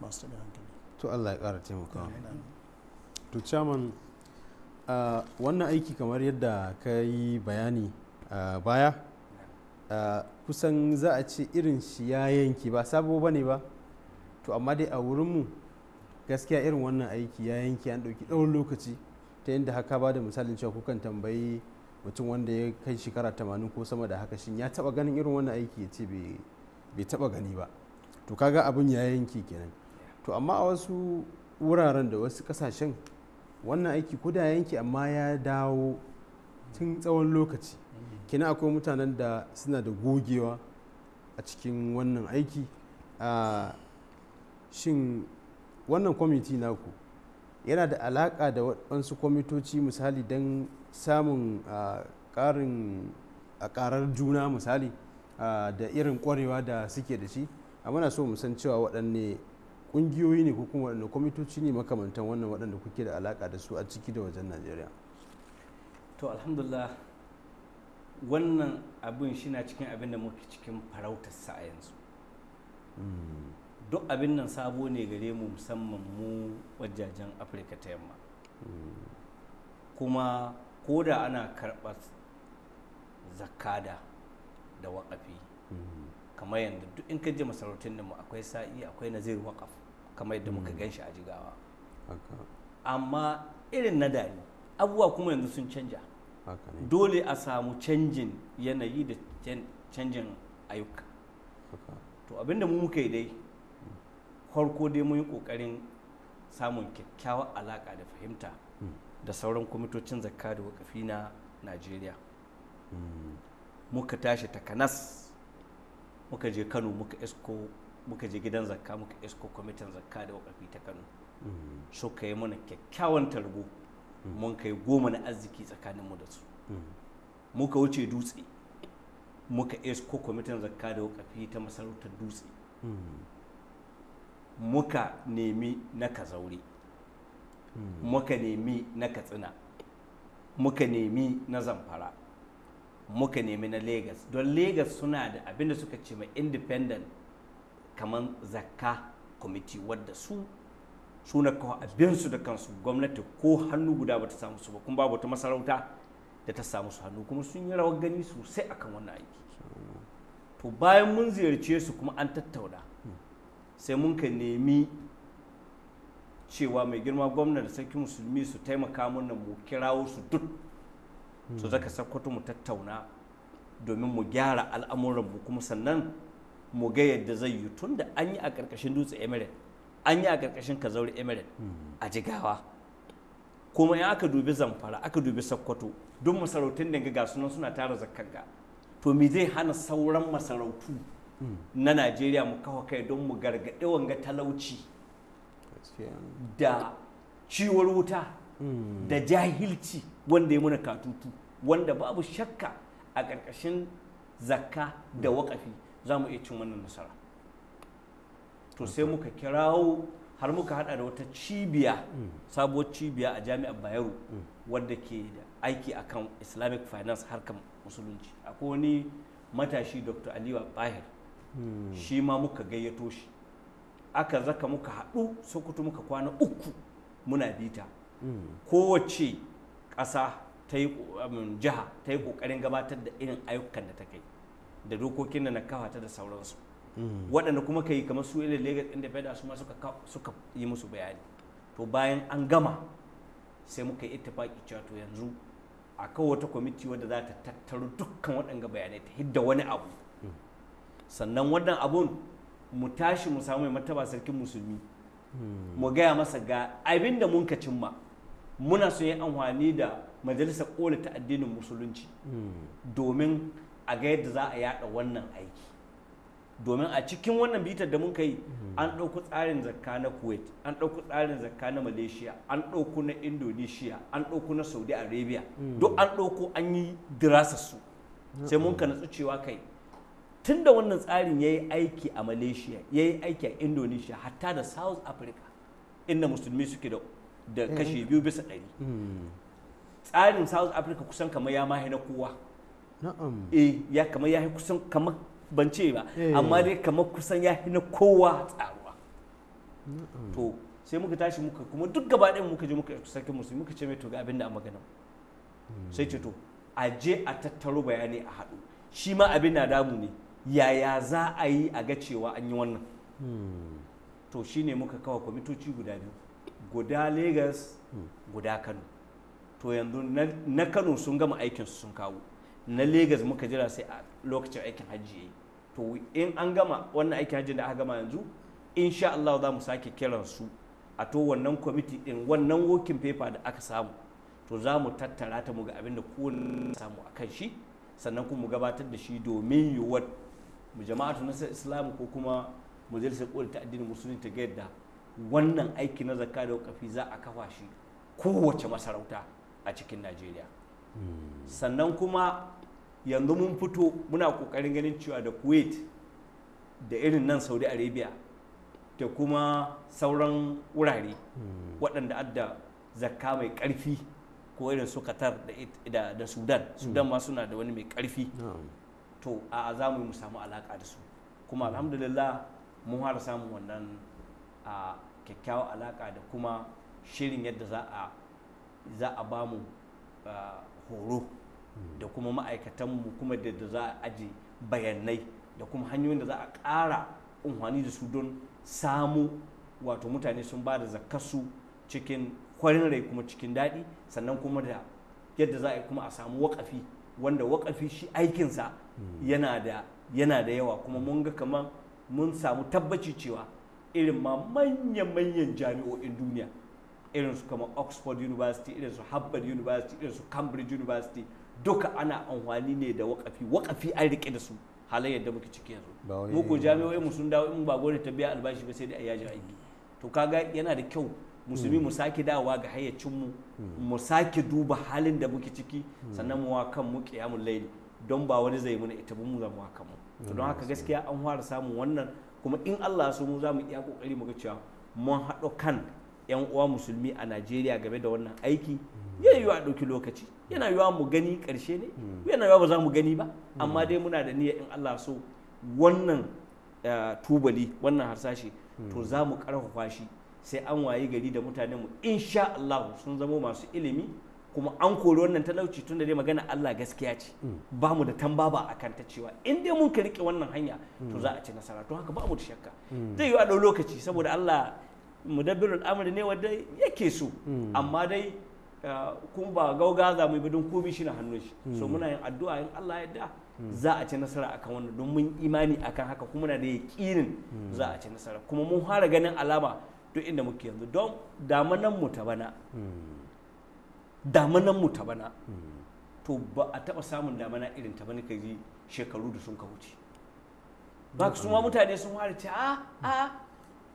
Speaker 3: masu taɓin hankali to Allah ya ƙara taimakawa to chairman uh, wannan aiki kamar yadda ka yi bayani uh, baya uh, kusan za a ce irin shi ya yanki ba sabo ba ne ba to amma dai a wurinmu gaskiya irin wannan aiki ya yanki an ɗauki ɗaurin lokaci ta yadda haka ba da misalin cewa kukan tambayi mutum wanda ya kai shekara tamanin ko sama da haka shin ya taba ganin irin wannan aiki ya ce bai taba gani ba to kaga abin ya yanki kenan to amma a wasu wuraren da wasu kasashen wannan aiki ko yanki amma ya dawo tun tsawon lokaci kina akwai mutanen da suna da gogewa a cikin wannan aiki ah, shin wannan kwamiti naku yana da alaka da wasu kwamitoci misali don samun ah, ƙarin a karar juna misali ah, da irin ƙwarewa da suke da shi a mana so mu san cewa waɗanne kungiyoyi ne ko kuma waɗanda kwamitoci ne makamantan wannan waɗanda kuke da alaka da su a ciki da wajen najeriya
Speaker 2: to alhamdulillah wannan abin shi na cikin abin da muke cikin farautar sa a yanzu hmm. duk abin nan sabo ne gare mu musamman mu wajajen afirka ta yamma hmm. kuma ko da ana karɓar zakada da waƙafi hmm. kamar yadda duk in ka je masarautun mu akwai sa'i akwai nazir waƙaf kamar yadda muka mm. gan shi a jigawa amma irin na dani abubuwa kuma yanzu sun canja dole a samu canjin yanayi da canjin ayyuka to abinda mu muka yi dai mm. farko dai mun yi kokarin samun kyakkyawar alaka da fahimta mm. da sauran kwamitocin zakka da wakafi na najeriya muka tashi takanas muka je kano muka isko muka je gidan zakka muka isko kwamitin zakka da wakafi ta kano mm. So ka yi mana kyakkyawan targo mm. mun kai goma na arziki tsakaninmu da su mm. muka wuce dutse muka isko kwamitin zakka da wakafi ta masarautar dutse muka nemi na Kazauri. muka nemi na katsina muka nemi na zamfara muka nemi na lagos don lagos suna da abinda suka ce mai independent kamar zakka kwamiti wadda su suna kawo abinsu da kansu gwamnati ko hannu guda ba ta samu su ba kuma babu wata masarauta da ta samu su hannu kuma sun yi rawar gani sosai akan wannan aiki to bayan mun ziyarce su kuma an tattauna sai mun ka nemi cewa mai girma gwamna da sarki musulmi su taimaka mana mu kirawo su duk su hmm. zaka sakkwato mu tattauna domin mu gyara al'amuranmu kuma sannan mu ga yadda zai yi tun da an yi a ƙarƙashin dutse emirate an yi a ƙarƙashin kazauri emirate a jigawa kuma in aka dubi zamfara aka dubi sokoto duk masarautun da ga sunan suna tara zakkanga to me zai hana sauran masarautu na najeriya mu kawo kai don mu gargaɗe wanga talauci da ciwon wuta da jahilci wanda ya muna katutu wanda babu shakka a ƙarƙashin zakka da waƙafi za mu iya cin wannan nasara to sai muka kirawo har muka hada da wata cibiya sabuwar cibiya a jami'ar bayero wadda ke da aiki akan islamic finance harkar musulunci akwai wani matashi dr aliyu bahir shi ma muka gayyato shi aka zaka muka haɗu sokoto muka kwana uku muna bita kowace ƙasa um, jiha ta yi ƙoƙarin gabatar da irin ayyukan da ta kai da dokokin da na kawata da sauransu hmm. waɗanda kuma ka yi kamar su ilil legas ɗin da su ma suka yi musu bayani to bayan an gama sai muka yi ittifaki cewa to yanzu a kawo wata kwamiti wadda za ta tattaro dukkan waɗanga bayanai ta hidda wani abu hmm. sannan wannan abun mu tashi mu samu mai mataba sarkin musulmi hmm. mu gaya masa ga abin da mun ka cimma muna so yi amfani da majalisar ƙola ta addinin musulunci domin a ga yadda za a yada wannan aiki domin a cikin wannan bitar da mun kai hmm. an ɗauku tsarin zakka na kuwait an ɗauku tsarin zakka na malaysia an ɗauku na indonesia an ɗauku na saudi arabia hmm. duk an ɗauku an yi dirasarsu sai mun ka natsu cewa kai tun da wannan tsarin ya yi aiki a malaysia ya yi aiki a indonesia hatta da south africa inda musulmi suke da eh. kashi biyu bisa ɗari hmm. tsarin south africa kusan kamar ya mahi na kowa na'am eh, ya kamar ya kusan kama ban ce ba eh. amma dai kama kusan ya na kowa tsaruwa to sai muka tashi muka kuma duk gaba ɗin muka je muka sarkin musu muka ce mai to ga abin da a maganin hmm. sai ce to a je a tattaro bayani a haɗu shi ma abin na damu ne yaya za a yi a ga cewa an yi wannan hmm. to shi ne muka kawo kwamitoci guda biyu guda Legas hmm. guda Kano to yanzu na Kano sun gama aikinsu sun kawo na Legas muka jira sai a lokacin aikin hajji yayi to in an gama wannan aikin hajji da aka gama yanzu insha Allah za mu sake kiran su a to wannan kwamiti din wannan working paper da aka samu to za mu tattara ta mu ga abin da kowanne samu a kan shi sannan kuma mu gabatar da shi domin yiwuwar mu jama'atu na islam ko kuma majalisar koli ta addinin musulmi ta yadda wannan aiki na zakka da wakafi za a kafa shi kowace masarauta a cikin najeriya hmm. sannan kuma yanzu mun fito muna kokarin ganin cewa da kuwait da irin nan saudi arabia da kuma sauran wurare hmm. waɗanda adda zakka mai ƙarfi ko irin su qatar da sudan hmm. sudan ma suna da wani mai ƙarfi to a za mu samu alaƙa da su kuma hmm. alhamdulillah mun har samun wannan a kyakkyawar alaƙa da kuma shirin yadda za a ba mu horo da kuma ma'aikatanmu kuma da za a aji bayanai da kuma hanyoyin da za a ƙara unhwani da su don samu wato mutane sun ba da zakasu cikin kwarin rai kuma cikin daɗi sannan kuma da yadda za a kuma a samu wakafi wanda wakafi shi aikinsa hmm. yana da da yawa kuma mun ga kamar mun samu tabbaci cewa irin ma manya-manyan jami'o'in duniya irin su kamar oxford university irin su harvard university irin su cambridge university duka ana amfani ne da wakafi wakafi an rike da su halayyar da muke ciki
Speaker 1: yanzu mu ko
Speaker 2: jami'o'i mu sun dawo in ba gore ta biya albashi ba sai da yaji aiki to kaga yana da kyau musulmi hmm. mu sake dawa ga hayyacin mu hmm. mu sake duba halin da muke ciki hmm. sannan mu wa kan mu qiyamul layl don ba wani zai muna ita mu za mu kan mu don haka gaskiya an fara samun wannan kuma in Allah so mu za mu iya kokari mu ga cewa mun haɗo kan yan uwa musulmi a Najeriya game da wannan aiki ya yiwu a ɗauki lokaci yana yiwuwa mu gani ƙarshe ne hmm. yana yiwuwa ba za mu gani ba hmm. amma dai muna da niyyar in Allah so wannan eh, tubali wannan harsashi to hmm. za mu ƙarfafa shi sai an wayi gari da mutanenmu insha Allah sun zamo masu ilimi kuma an kori wannan talauci tun da dai magana Allah gaskiya ce ba mu da tambaba a kanta cewa in dai mun ka riƙe wannan hanya to za a ci nasara to haka ba mu da shakka zai yi a lokaci saboda Allah mudabbirul amri ne wanda yake so amma dai Eh, kuma ba gauga za mu yi don komi shi na hannun shi so hmm. muna yin addu'a in Allah yadda za a ci nasara akan wannan don mun imani akan haka kuma muna da yaqinin hmm. za a ci nasara kuma mun fara ganin alama duk inda muke yanzu don damanan mu ta bana
Speaker 1: hmm. damanan
Speaker 2: mu ta bana to ba a taba samun damana irin ta bana kai shekaru da sun ka wuce ba su ma mutane sun fara ce a ah, a ah,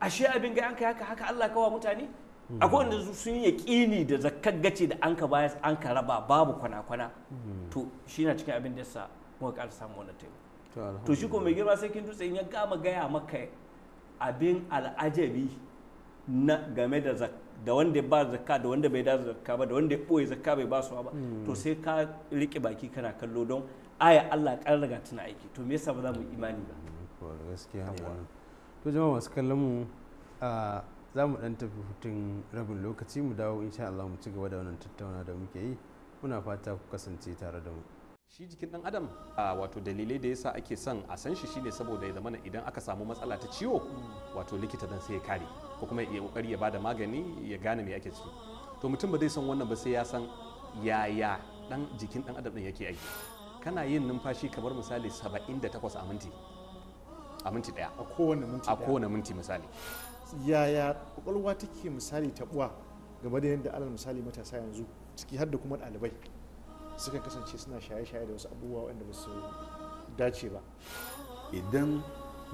Speaker 2: ashe abin ga an kai haka haka Allah kawa mutane akwai wanda sun yi yaƙini da zakar gace da an ka bayar an ka raba babu kwana-kwana to shi na cikin abin da sa muka ƙara samu wani
Speaker 3: taimako to shi ko
Speaker 2: mai girma sai kin dutse ya gama gaya maka abin al'ajabi na game da zakka da wanda ba zakka da wanda bai da zakka ba da wanda ya ɓoye zakka bai ba su ba to hmm. sai ka riƙe baki kana kallo don aya Allah ƙarar riga tuna aiki to me yasa ba za mu imani ba
Speaker 3: hmm, to jama'a masu kallon mu ah, za mu dan tafi hutun rabin lokaci mu dawo insha Allah mu ci gaba da wannan tattauna da muke yi muna fata ku kasance tare da mu
Speaker 2: shi jikin dan adam a wato dalilai da yasa ake son a san shi shine saboda ya zamana idan aka samu matsala ta ciwo wato likita dan sai ya kare ko kuma ya kokari ya bada magani ya gane me ake ciki to mutum ba zai san wannan ba sai ya san yaya dan jikin dan adam din yake aiki kana yin numfashi kamar misali 78 a minti a minti daya a kowane minti misali
Speaker 4: yaya kwakwalwa take misali taɓuwa game da yadda alal misali matasa yanzu ciki har da kuma ɗalibai suka kasance suna shaye-shaye da wasu abubuwa wanda ba su dace ba
Speaker 3: idan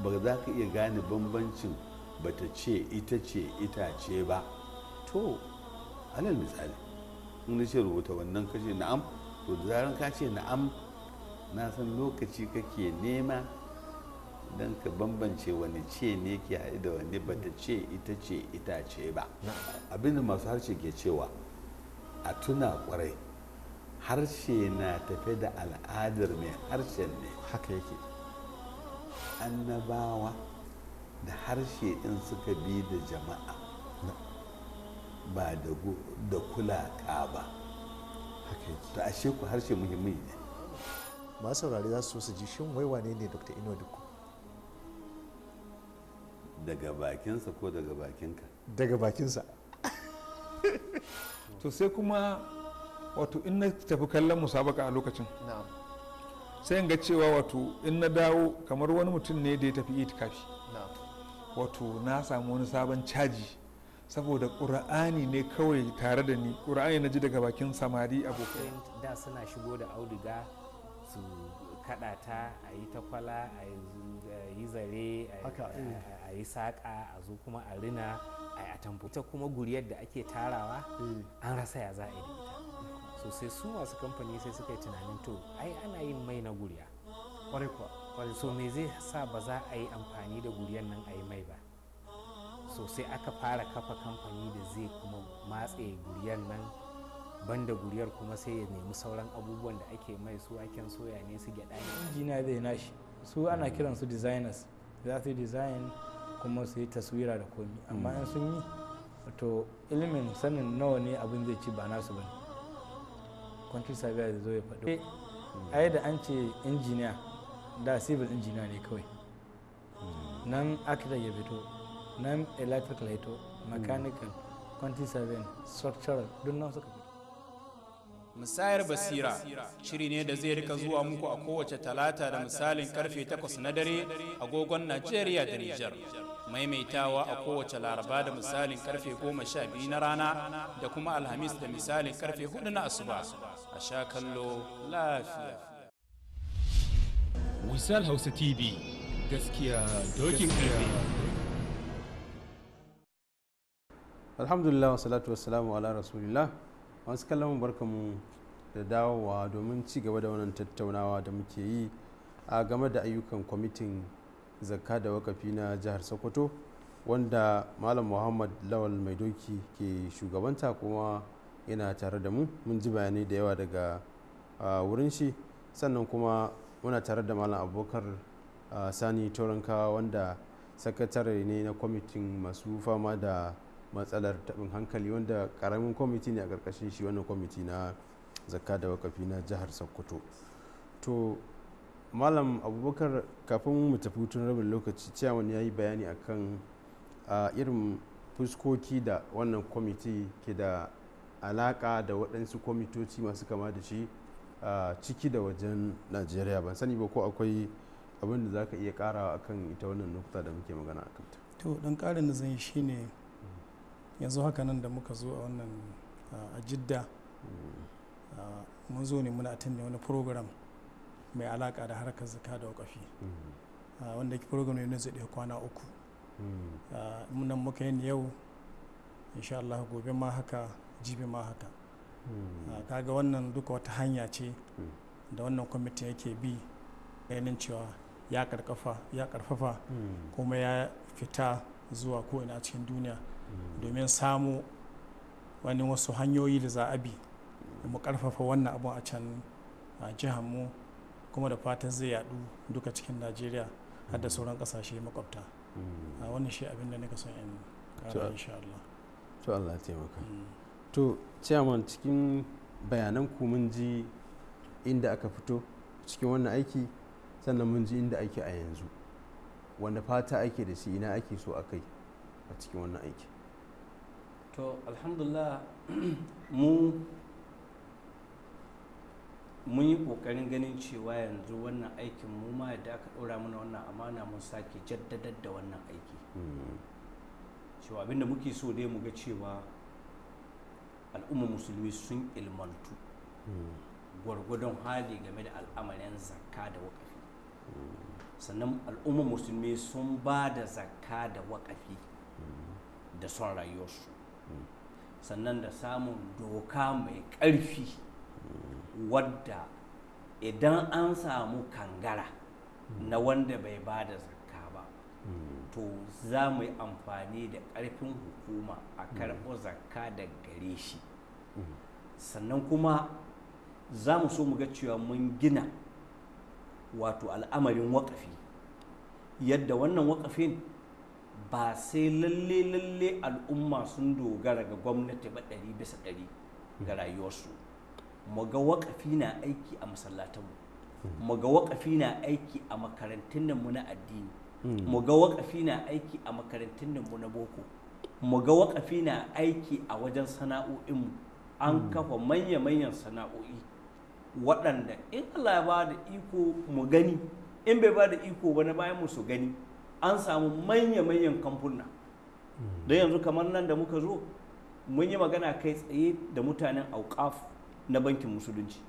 Speaker 3: ba za ka iya gane bambancin bata ce ita ce itace ba to alal misali in na ce rubuta wannan kashe na'am to da zaran ka ce na'am na san lokaci kake nema don ka bambance wani ce ne ke haɗe da wani ba ta ce ita ce ita ce ba abinda masu harshe ke cewa a tuna kwarai harshe na tafe da al'adar mai harshen ne haka yake annabawa da harshe ɗin suka bi da jama'a ba da kulaka ba to ashe ku harshe muhimmi ne masu saurari za su so su ji shin waiwa ne ne
Speaker 4: dr ino duk
Speaker 3: daga bakinsa ko daga bakinka
Speaker 4: daga bakinsa to sai kuma wato in na tafi kallon musabaka a lokacin sai in ga cewa wato in na dawo kamar wani mutum ne da ya tafi itikafi wato na samu wani sabon caji saboda ƙura'ani ne kawai tare da ni ƙura'ani na ji daga bakin samari abokai
Speaker 2: da suna shigo da auduga su kaɗa ta a yi takwala a yi eh, zare eh. a yi saƙa a zo kuma a rina a yi atamfuta kuma guriyar da ake tarawa hmm. an rasa ya za a yi so sai su masu kamfani sai suka yi tunanin to ai ana yin mai na guriya so me zai sa ba za a yi amfani da guriyar nan a yi mai ba so sai aka fara kafa kamfani da zai kuma matse guriyar nan banda guriyar kuma sai ya nemi sauran abubuwan da ake mai su waken soya ne su gyaɗa ne. injina zai nashi su ana kiransu designers za su design kuma su yi taswira da komi amma mm. in sun yi to ilimin sanin nawa ne abin zai ci ba nasu ba ne kwanci sabiya zai zo ya faɗo yi eh, mm. da an ce injiniya da civil injiniya ne kawai mm. nan architect ya fito nan electrical ya fito mechanical kwanci sabiya structural duk nan suka
Speaker 3: musayar basira shiri ne da zai rika zuwa muku a kowace talata da misalin karfe 8 na dare agogon najeriya da nijar maimaitawa a kowace laraba da misalin karfe 12 na rana da kuma alhamis da misalin karfe 4 na asuba
Speaker 4: a sha kallo lafiya
Speaker 3: wisal hausa tv gaskiya dokin karfe alhamdulillah wasu salamu ala rasulillah masu kallon barkamu da dawowa domin ci gaba da wannan tattaunawa da muke yi a game da ayyukan kwamitin zakka da wakafi na jihar sokoto wanda malam muhammad lawal mai doki ke shugabanta kuma yana tare da mu mun ji bayanai da yawa daga wurin shi sannan kuma muna tare da malam abubakar sani toranka wanda sakatare ne na kwamitin masu fama da matsalar taɓin hankali wanda ƙaramin kwamiti ne a ƙarƙashin shi wannan kwamiti na zakka da wakafi na jihar sokoto to malam abubakar kafin mu tafi tun rabin lokaci ciyawan ya yi bayani akan irin fuskoki da wannan kwamiti ke da alaƙa da waɗansu kwamitoci masu kama da shi ciki da wajen najeriya ban sani ba ko akwai abin da za ka iya ƙara akan ita wannan nukta da muke magana a kanta
Speaker 4: to don ƙarin da zan yi shine yanzu haka nan da muka zo a wannan a jidda mun zo ne muna attend wani program mai alaka da harkar zaka da wakafi wanda ke program ne zai kwana uku munan muka yin yau insha Allah gobe ma haka jibi ma haka kaga wannan duka wata hanya ce da wannan kwamitin yake bi ganin cewa ya karfafa kuma ya fita zuwa ko ina cikin duniya domin samu wani wasu hanyoyi da za a bi mu karfafa wannan abun a can a jihar mu kuma da fatan zai yadu duka cikin najeriya har da mm. sauran kasashe makwabta mm. wannan shi abin da nika son in kara insha Allah
Speaker 3: to Allah taimaka mm. to chairman cikin bayanan ku mun ji inda aka fito cikin wannan aiki sannan mun ji inda ake a yanzu wanda fata ake da shi ina ake so a kai a cikin wannan aiki
Speaker 2: to alhamdulillah mu mun yi kokarin ganin cewa yanzu wannan aikin mu ma yadda aka ɗora mana wannan amana mun sake jaddadar da wannan aiki cewa hmm. abinda muke so dai mu ga cewa al'umma musulmi sun ilmantu hmm. gwargwadon hali game da al'amarin zakka da wakafi hmm. sannan al'umma musulmi sun ba da zakka da wakafi da son rayuwarsu sannan da samun doka mai ƙarfi wadda idan an samu kangara na wanda bai ba da zakka ba to za mu yi amfani da ƙarfin hukuma a karɓo zakka da gare shi sannan kuma za mu so mu ga cewa mun gina wato al'amarin waƙafi yadda wannan waƙafin ba sai lalle lalle al'umma sun dogara ga gwamnati ba ɗari bisa ɗari ga rayuwarsu mu ga waƙafi na aiki a masallatanmu hmm. mu ga waƙafi na aiki a makarantun mu na addini hmm. mu ga waƙafi na aiki a makarantun mu na boko mu ga waƙafi na aiki a wajen sana'o'inmu an hmm. kafa manya-manyan sana'o'i waɗanda in Allah ya ba da iko mu gani in bai ba da iko na bayan mu su gani an samu manya-manyan kamfuna hmm. don yanzu kamar nan da muka zo mun yi magana kai tsaye da mutanen auƙaf na bankin musulunci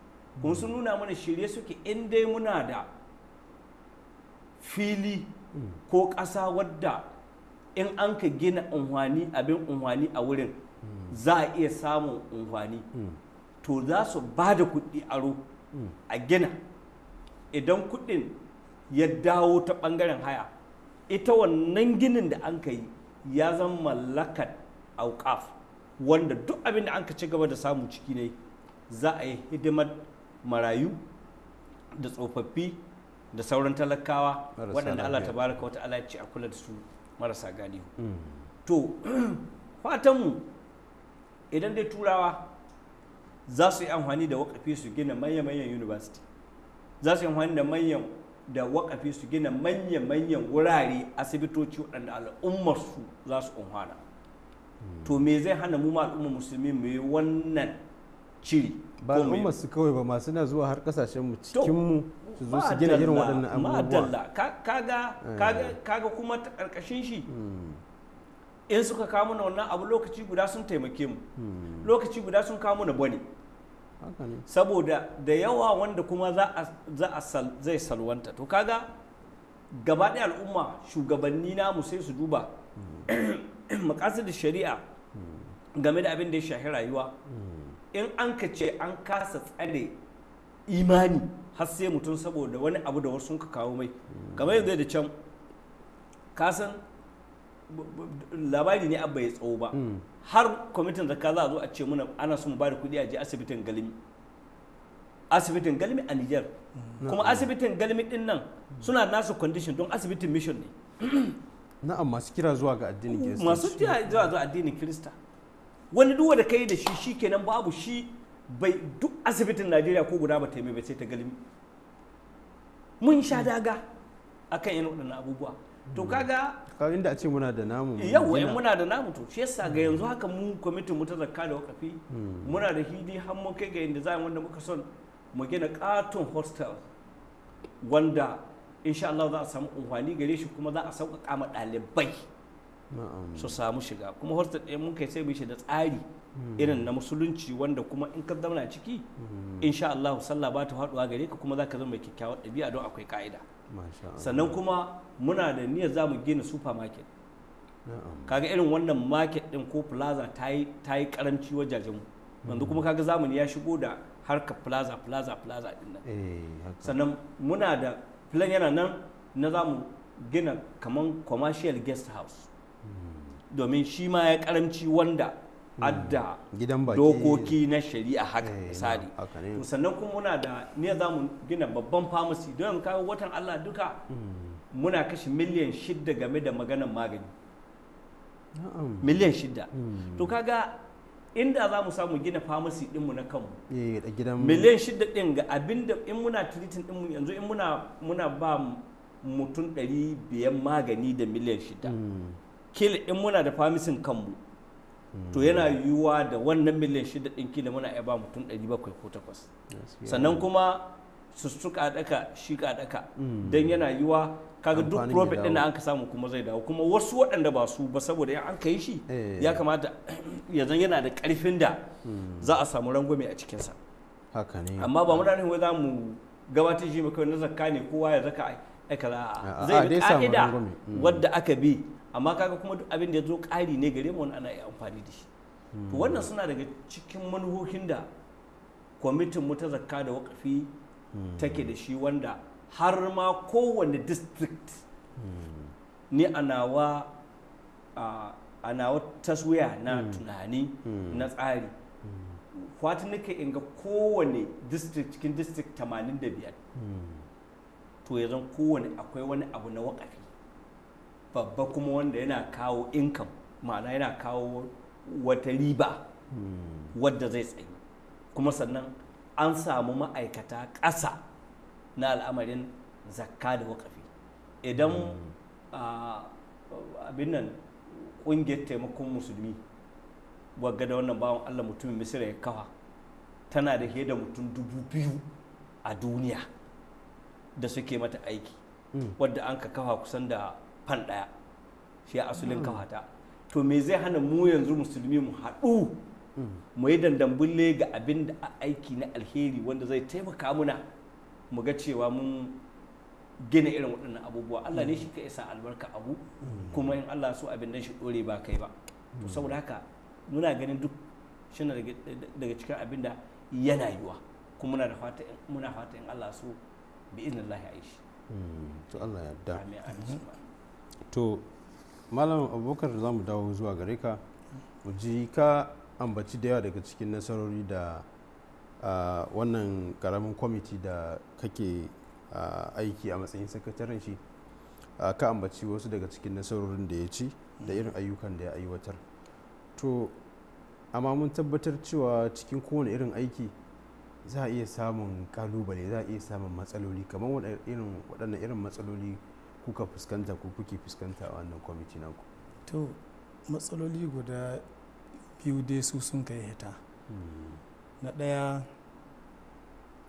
Speaker 2: kuma sun hmm. nuna mana shirye suke in dai muna da fili hmm. ko ƙasa wadda in an ka gina unhwani abin unhwani a wurin za a iya samun unhwani to za su ba da kuɗi aro a gina idan kuɗin ya dawo ta ɓangaren haya ita wannan ginin da an ka yi ya zama mallakar auƙaf wanda duk abin da an ka ci gaba da samu ciki ne za a yi hidimar marayu da tsofaffi da sauran talakawa
Speaker 1: waɗanda Allah ta
Speaker 2: baraka wata Allah ce a kula da su marasa galihu mm. to fatanmu idan dai turawa za su yi amfani da wakafi su gina manya manyan university za su yi amfani da manyan da wakafi su gina manya-manyan wurare asibitoci waɗanda al'ummarsu za su umhana hmm. to me zai hana mu ma al'ummar musulmi mu yi wannan ciri
Speaker 3: ba al'ummar su kawai ba masu na zuwa har kasashen mu cikin mu su zo su gina irin waɗannan abubuwa Ma
Speaker 2: kaga kaga eh. kuma ta karkashin shi hmm. in suka kawo na wannan abu lokaci guda sun taimake mu hmm. lokaci guda sun kawo na bane saboda da yawa wanda kuma za a zai salwanta to kaga gaba ɗaya al'umma shugabanni namu sai su duba hmm. da shari'a hmm. game da abin da ya shahi rayuwa hmm. in an ka ce an kasa tsare imani har sai mutum saboda wani abu da wasu ka kawo mai kamar yanzu da can kasan labari ne abba ya tsawo ba har kwamitin zakka za a zo a ce muna ana son ba da kuɗi a je asibitin galimi asibitin galmi a Nijar kuma asibitin galmi din nan suna nasu condition don asibitin mission ne
Speaker 3: na'am masu kira zuwa ga addinin kirista masu kira zuwa
Speaker 2: ga addinin kirista wani duwa da kai da shi shikenan babu shi bai duk asibitin Najeriya ko guda ba ta yi bai sai ta galmi mun sha daga akan yin waɗannan abubuwa to kaga
Speaker 3: kaga inda a ce muna da namu yau in muna
Speaker 2: da namu to shi yasa ga yanzu haka mu kwamitin mu ta zakka da wakafi hmm. muna da hidi har kai ga inda za wanda muka son mu gina katon hostel wanda insha Allah za a samu umfani gare shi kuma za a sauƙaƙa ma ɗalibai su samu shiga kuma hostel ɗaya mun kai sai mu shi da tsari hmm. irin na musulunci wanda kuma in ka zauna ciki hmm. insha Allah sallah ba ta faɗuwa gare ka kuma za ka zama mai kyakkyawar ɗabi'a don akwai ka'ida sannan kuma muna da niyyar za mu gina supermarket kaga irin wannan market din ko plaza ta yi karanci wajajen yanzu kuma kaga zamani ya shigo da harka plaza plaza plaza din nan
Speaker 1: eh,
Speaker 2: sannan muna da plan yana nan na za mu gina kamar commercial guest house hmm. domin shi ma ya karanci wanda Hmm. adda
Speaker 3: dokoki
Speaker 2: na shari'a haka eh, misali to sannan kuma muna da ne za mu gina babban famasi don kawo watan Allah duka hmm. muna kashe miliyan shidda game da maganan magani miliyan shidda hmm. to kaga inda za mu samu gina famasi mu na kanmu
Speaker 3: eh, miliyan
Speaker 2: shidda din ga abinda in muna din mu yanzu in muna ba mutum ɗari biyan magani da miliyan shida kila in muna da pharmacy kanmu to yana yiwuwa da wannan miliyan shida ɗin kila muna iya ba mutum ɗari bakwai ko takwas sannan kuma su su daka shi daka hmm. don yana yiwa kaga duk profit ɗin da an ka samu kuma zai dawo kuma wasu waɗanda ba su ba saboda yan an kai shi eh. ya kamata zan yana da ƙarfin da hmm. za a samu rangwame a cikinsa
Speaker 3: haka amma ba
Speaker 2: mu wai za mu gabatar shi mai na zakka ne kowa ya zaka ai kaza
Speaker 1: zai bi ka'ida hmm. wadda
Speaker 2: aka bi amma kaga kuma duk abin da ya zo ƙari ne gare mu wani ana yi amfani da shi to wannan suna daga cikin manuhohin da kwamitin mu ta zakka da wakafi take da shi wanda har ma kowane district ne anawa nawa a taswiya na tunani na tsari kwatin nake inga kowane district cikin district 85 to ya zan kowane akwai wani abu na wakafi babba kuma wanda yana kawo income ma'ana yana kawo wata riba wadda zai tsayi kuma sannan an samu ma'aikata ƙasa na al'amarin zakka da wakafi idan hmm. abin nan ƙungiyar taimakon musulmi wagga da wannan bawan allah mutumin misira ya kawa tana da da mutum dubu biyu a duniya da suke mata aiki hmm. wadda an ka kawa kusan da fan ɗaya shi a asulin hmm. kafata to me zai hana mu yanzu musulmi mu haɗu hmm. mu yi dandambulle ga abin da a aiki na alheri wanda zai taimaka muna mu ga cewa mun gina irin waɗannan abubuwa Allah ne hmm. shi ka isa albarka abu kuma in Allah so abin nan shi ɗore ba kai ba to saboda haka muna ganin duk shi daga cikin abin da yana yiwa kuma muna da fata muna fata in Allah so bi idnillahi aishi
Speaker 3: to Allah ya yarda amin amin to malam abubakar za mu dawo zuwa gare ka mu ji ka ambaci da yawa daga cikin nasarori da wannan karamin kwamiti da kake aiki a matsayin sakataren shi ka ambaci wasu daga cikin nasarorin da ya ci da irin ayyukan da ya aiwatar to amma mun tabbatar cewa cikin kowane irin aiki za a iya samun kalubale za a iya samun matsaloli kamar irin waɗannan irin matsaloli kuka fuskanta ko kuke fuskanta a wannan kwamiti naku
Speaker 4: to matsaloli guda biyu dai su sun kai hita hmm. na ɗaya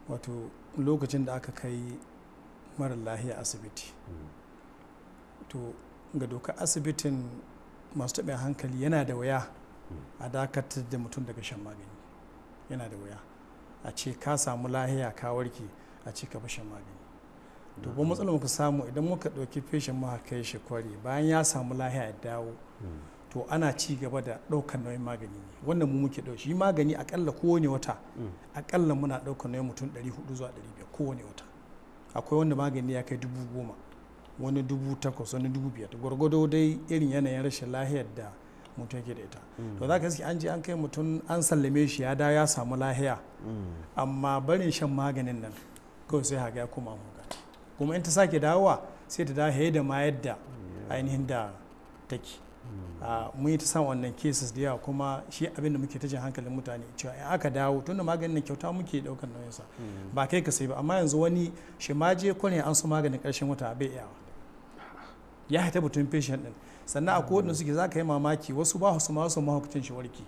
Speaker 4: wato lokacin da aka kai mara lahiya asibiti hmm. to ga doka asibitin masu taɓin hankali yana da waya hmm. a dakatar da mutum daga shan magani yana da waya a ce ka samu lahiya ka warke a ce ka shan magani to ko matsalar muka samu idan muka ɗauki feshin muka kai shi kwari bayan ya samu lahiya ya dawo to ana ci gaba da ɗaukar nauyin magani ne wannan mu muke ɗauki shi magani akalla kowane wata akalla muna ɗaukar nauyin mutum 400 zuwa 500 kowane wata akwai wanda magani ya kai dubu goma wani dubu takwas wani dubu biyar gwargwado dai irin yanayin rashin lahiyar da mutum yake da ita to za ka iske an je an kai mutum an sallame shi ya da ya samu lahiya mm. amma barin shan maganin nan kawai sai haga ya koma hukata kuma in ta sake dawowa sai ta dawo da ma yadda ainihin da take hmm. ah, mun yi ta san wannan cases da yawa kuma shi abin da muke ta hankalin mutane cewa in aka dawo tun da maganin nan kyauta muke daukan nauyinsa hmm. ba kai ka sai ba amma yanzu wani shi ma je kone an su maganin karshen wata bai iyawa ya haita batun patient din sannan akwai wadanda suke za ka yi mamaki wasu ba su ma su mahaukacin shi warki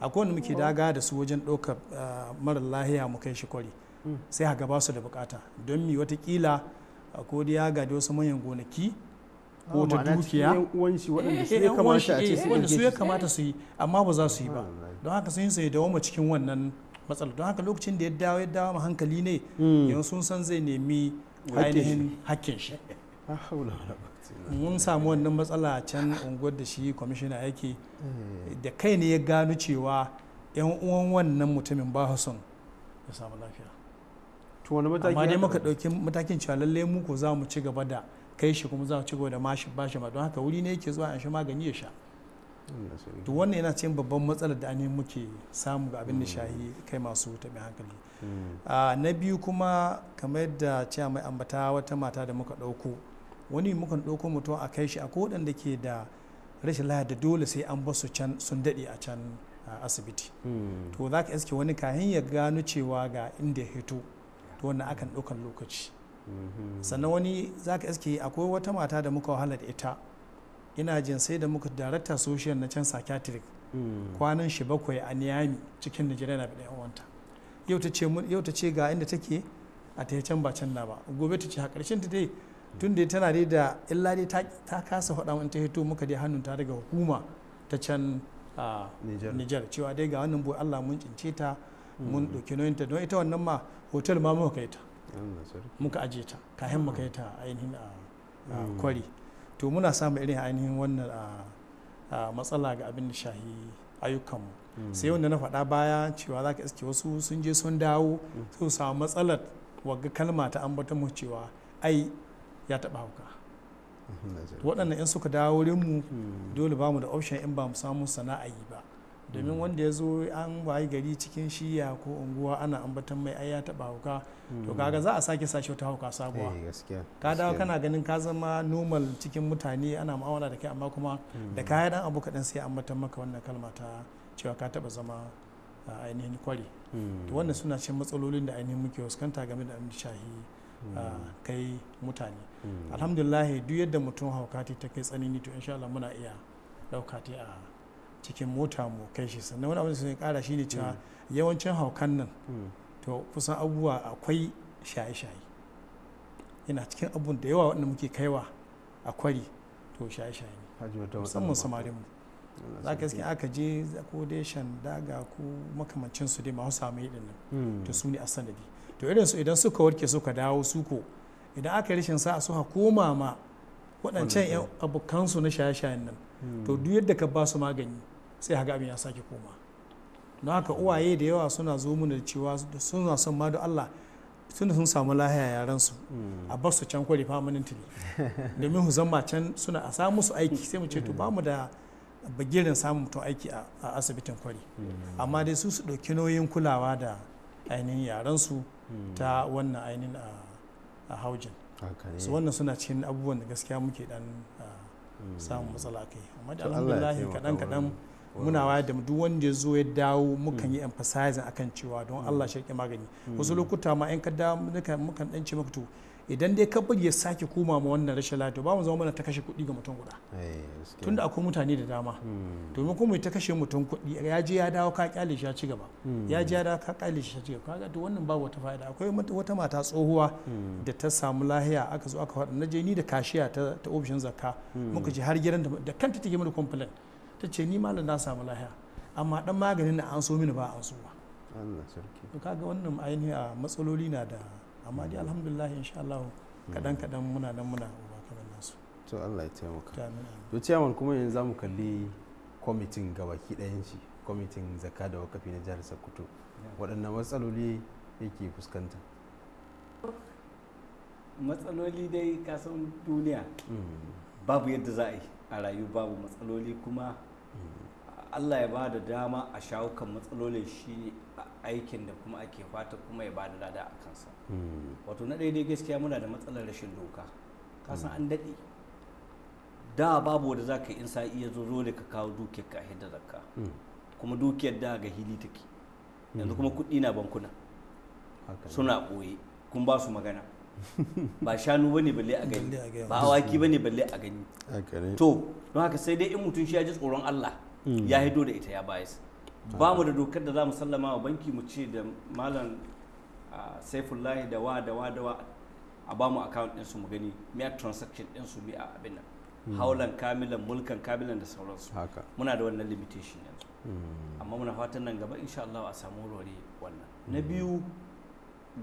Speaker 4: akwai wanda muke oh. daga da su wajen ɗaukar ah, mara lahiya mu kai shi kwari hmm. sai haka ba su da bukata don mi watakila a da ya gada wasu manyan gonaki
Speaker 3: ko ah, ta dukiya eh, eh, wanda su ya kamata
Speaker 4: su yi amma ba za su yi ba don haka sun sai dawo cikin wannan matsala don haka lokacin da ya dawo ya dawo hankali ne yanzu hmm. sun san zai nemi ainihin hakkin shi mun samu wannan matsala can unguwar da shi kwamishina yake eh. da kai ne ya gano cewa 'yan uwan wannan mutumin ba son ya samu lafiya to wani mataki amma dai muka dauki matakin cewa lalle mu ko za mu ci gaba da kai shi kuma za mu ci gaba da mashi bashi ma don haka wuri ne yake zuwa a shi magani ya sha to wannan yana cikin babban matsalar da ne muke samu ga abin da shahi kai masu mai hankali hmm. na biyu kuma kamar yadda cewa mai ambata wata mata da muka ɗauko wani muka dauko mutum a kai shi a waɗanda ke da rashin lahar da dole sai an basu can sun daɗe a can asibiti
Speaker 1: hmm. to
Speaker 4: za ka iske wani kahin ya gano cewa ga inda ya hito to wannan akan ɗaukan lokaci mhm. sannan wani za ka iske akwai wata mata da muka wahala da ita ina jin sai da muka darakta social na can psychiatric mm. kwanan shi bakwai a niyami cikin nigeria na bidan wanta yau ta ce ga inda take a ta can ba can na ba gobe ta ce a karshen ta dai tun da tana dai da illa dai ta kasa faɗa wani ta hito muka dai hannun ta daga hukuma ta can ah, niger cewa dai ga wannan boy allah mun cince ta mun ɗauki nauyin ta don ita wannan ma hotel ma muka kai ta muka aje ta kayan muka kai ta ainihin a ah, ah, hmm. kwari to muna samun irin ainihin wannan a ah, matsala ga abin da shahi ayyukanmu hmm. sai wanda na faɗa baya cewa za ka iske wasu sun je sun dawo hmm. su samu matsalar wagga kalma ta ambata mu cewa ai ya taɓa hauka waɗannan in suka dawo mu dole ba mu da option in ba mu samu sana'a yi ba domin mm. wanda ya zo an wayi gari cikin shiya ko unguwa ana ambatan mai ai ya taba hauka to mm. kaga za a sake sashi wata hauka sabuwa eh, ka dawo kana ganin ka zama normal cikin mutane ana mu'amala da kai amma kuma mm. da kaya dan abu kaɗan sai ambatan maka wannan kalma ta cewa ka taba zama ainihin kwari to wannan suna cikin matsalolin da ainihin muke fuskanta game da abin shahi kai mutane alhamdulillah duk yadda mutum hauka ta kai tsanani to insha Allah muna iya dauka ta a cikin mota mu kai shi sannan wani abin da sun kara shi ne cewa mm. yawancin haukan nan mm. to kusan abubuwa akwai shaye-shaye yana cikin abun da yawa wanda muke kaiwa a kwari to shaye-shaye
Speaker 3: ne musamman samarin
Speaker 4: mu za ka iske aka je ko daga ko makamancin su dai masu samu din nan mm. to su ne a sanadi to irin su idan suka warke suka dawo suko idan aka rashin sa'a suka koma ma waɗancan abokansu na shaye-shayen nan to duk yadda ka ba su magani sai haga abin ya sake koma don haka uwaye da yawa suna zo mana da cewa suna son ma da Allah tun sun samu lahiya yaran su a bar su can kwari permanently domin zama can suna a samu su aiki sai mu ce to bamu da bagirin samun mutum aiki a asibitin kwari hmm. amma dai su su ɗauki nauyin kulawa da ainihin yaran su hmm. ta wannan ainihin a haujin su wannan suna cikin abubuwan da gaskiya muke dan hmm. samun matsala kai amma da alhamdulillah kaɗan kaɗan muna wayar da duk wanda ya zo ya dawo mukan yi emphasizing akan cewa don hmm. Allah shirki magani hmm. wasu lokuta ma in ka dawo mukan dan ce maka to idan dai kabar ya sake koma ma wannan rashin lafiya ba mu zama mana ta kashe kuɗi ga mutum guda
Speaker 3: eh, tunda akwai
Speaker 4: mutane da dama hmm. domin kuma ta kashe mutum kuɗi ya je ya dawo ka kyale shi ya ci gaba ya je ya dawo ka kyale shi ya ci gaba kaga to wannan babu wata fa'ida akwai wata mata tsohuwa da ta samu lahiya aka zo aka faɗa na je ni da kashiya ta ofishin zakka muka ji har gidan da kanta take mana complaint ta ce ni malam na samu lahiya amma dan maganin na an so mini ba an so ba to kaga wannan ainihi a matsaloli na da amma dai alhamdulillah insha Allah kadan kadan muna nan muna ubakaran
Speaker 3: nasu to Allah ya taimaka to chairman kuma yanzu zamu kalli kwamitin gabaki ɗayan shi kwamitin zakka da wakafi na jihar Sokoto waɗannan matsaloli yake fuskanta
Speaker 2: matsaloli dai kasan duniya
Speaker 1: hmm.
Speaker 2: babu yadda za a yi a rayu babu matsaloli kuma allah ya bada dama a shawo kan matsalolin shi aikin da kuma ake fata kuma ya bada lada a kansa hmm. wato na daidai gaskiya muna da matsalar rashin doka kasan hmm. an daɗe da babu wanda za ka yi in sa iya zo ne ka kawo dukiyar ka hidda zakka hmm. kuma dukiyar da ga hili take yanzu kuma kuɗi na bankuna suna ɓoye kun ba su magana ba shanu ba ne balle a gani ba awaki ba ne balle a gani to don haka sai dai in mutum shi ya ji tsoron allah Mm. ya haido da ita ya bayas ah. ba mu da dokar da za mu sallama wa banki mu ce da malam ah, saifullahi da wa da wa da wa a ba mu account ɗinsu mu gani me a transaction ɗinsu me a abin nan mm. haulan kamilan mulkan kamilan da sauransu muna da wannan limitation yanzu mm. amma muna fatan nan gaba insha Allah a samu rori wannan na biyu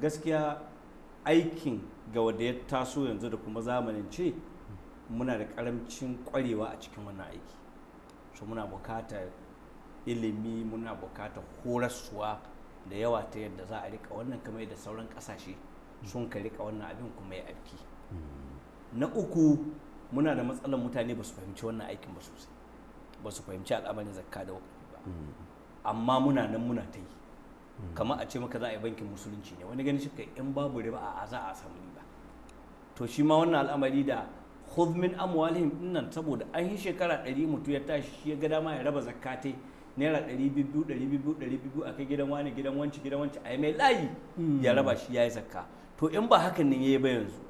Speaker 2: gaskiya aikin ga wanda ya taso yanzu da kuma zamanin ce muna da karamcin kwarewa a cikin wannan aiki so muna bukatar ilimi muna bukatar horaswa da yawa ta yadda za a rika wannan kamar da sauran kasashe sun ka rika wannan abin kuma ya aiki na uku muna da matsalar mutane ba su fahimci wannan aikin ba sosai ba su fahimci al'amarin zakka da wakili ba amma muna nan muna ta yi kamar a ce maka za a yi bankin musulunci ne wani ganin shi in babu riba a za a samu riba to shi ma wannan al'amari da khudh amwalihim dinnan saboda an yi shekara 100 mutu ya tashi shi ya ga dama ya raba zakatai naira 200 200 200 a kai gidan wani gidan wanci gidan wanci a mai layi mm. ya raba shi ya yi zakka to in ba hakan ne ya yi ba yanzu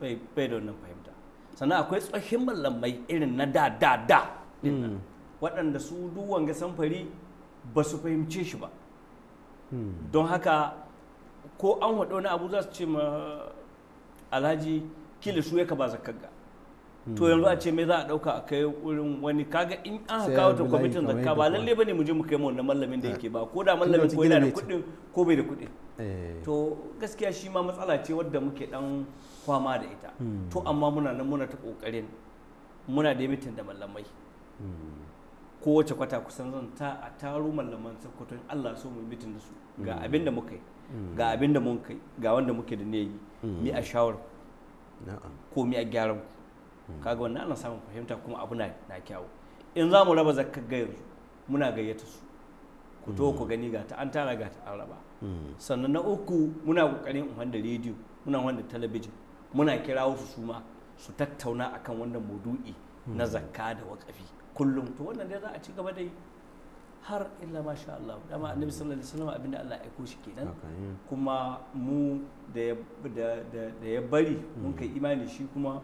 Speaker 2: bai da wannan fahimta sannan akwai tsohon mallamai irin na da da da mm. waɗanda su duwan ga samfari ba su fahimce shi ba mm. don haka ko an haɗo na abu za su ce ma alhaji kila su ya ka ba zakka to hmm. yanzu a ce me za a dauka a kai wurin wani kaga in an kawo ta kwamitin zakka ba lalle bane mu je mu kai mu wannan mallamin da eh. yake ba ko da mallamin ko yana da kuɗin ko bai da kuɗin eh. to gaskiya shi ma matsala ce wadda muke dan kwama da ita hmm. to amma muna nan muna ta kokarin muna da mitin da mallamai
Speaker 1: hmm.
Speaker 2: kowace kwata kusan zan ta a taro mallaman sakkwaton Allah so mu mitin da su ga abin da muka yi ga abin da mun kai ga wanda muke da ne yi mi a shawar ko mi a gyaran ku kaga wannan ana samun fahimta kuma abu na kyawu in za mu raba zakka muna gayyata su ku to ku gani ga ta an tara ga ta an raba hmm. sannan na uku muna kokarin wanda rediyo muna wanda talabijin muna kira wasu su ma su tattauna akan wannan maudu'i na hmm. zakka da wakafi kullum to wannan dai za a ci gaba da yi har illa masha Allah dama annabi hmm. sallallahu alaihi wasallam abinda Allah ya aiko shi kenan kuma mu da ya bari mun kai imani shi kuma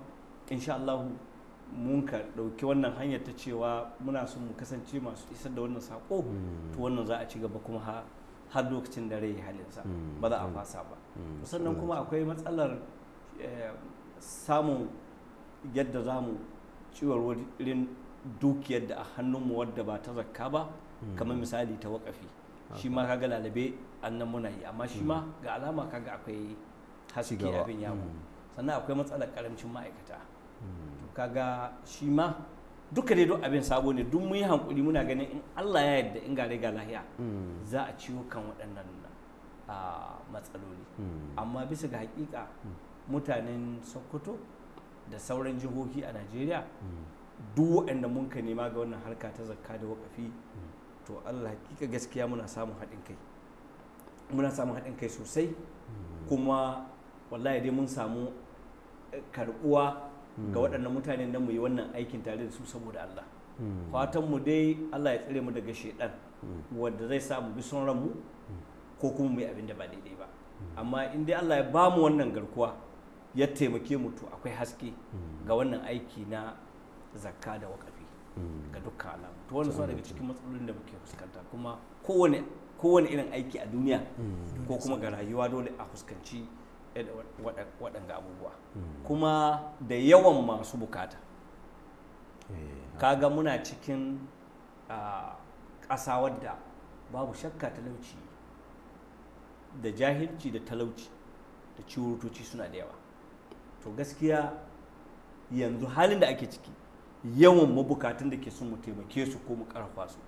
Speaker 2: insha Allah mun ka ɗauki wannan hanyar ta cewa muna son mu kasance masu isar da wannan sako to hmm. wannan za a ci gaba kuma har lokacin da rai halinsa hmm. ba za a fasa ba hmm. sannan kuma akwai matsalar eh, samun yadda za mu wurin dukiyar da a hannunmu wadda ba ta zakka ba kamar misali ta wakafi shi ma kaga lalabe annan muna yi amma shi ma ga alama kaga akwai haske abin yamu sannan akwai matsalar karamcin ma'aikata Hmm. kaga shi ma duka dai duk abin sabo ne duk mun yi hankuli muna ganin in Allah ya yarda in gare ga lahiya
Speaker 1: hmm. za
Speaker 2: a ciwo kan waɗannan ah, matsaloli
Speaker 1: hmm. amma
Speaker 2: bisa ga hakika mutanen Sokoto da sauran jihohi a Najeriya duk waɗanda mun ka nema ga wannan harka ta zakka da wakafi to Allah hakika gaskiya muna samun haɗin kai muna samun haɗin kai sosai kuma wallahi dai mun samu eh, karɓuwa ga waɗannan mutane nan mu yi wannan aikin tare da su saboda Allah hmm. fatan mu dai Allah ya tsare mu daga shedan hmm. wanda zai sa mu bi son ranmu hmm. ko kuma mu yi abin da ba daidai ba amma in dai Allah ya ba mu wannan garkuwa ya taimake mu to akwai haske ga wannan aiki na zakka da wakafi ga dukkan alamu to wannan suna daga cikin matsalolin da muke fuskanta kuma kowane kowane irin aiki a duniya ko kuma ga rayuwa dole a fuskanci Eh, waɗanda abubuwa hmm. kuma da yawan masu bukata eh, kaga muna cikin ƙasa wadda babu shakka talauci da jahilci da talauci da ciwurtoci suna da yawa to gaskiya yanzu halin da ake ciki yawan mabukatun da ke son mu taimake su ko mu karfa su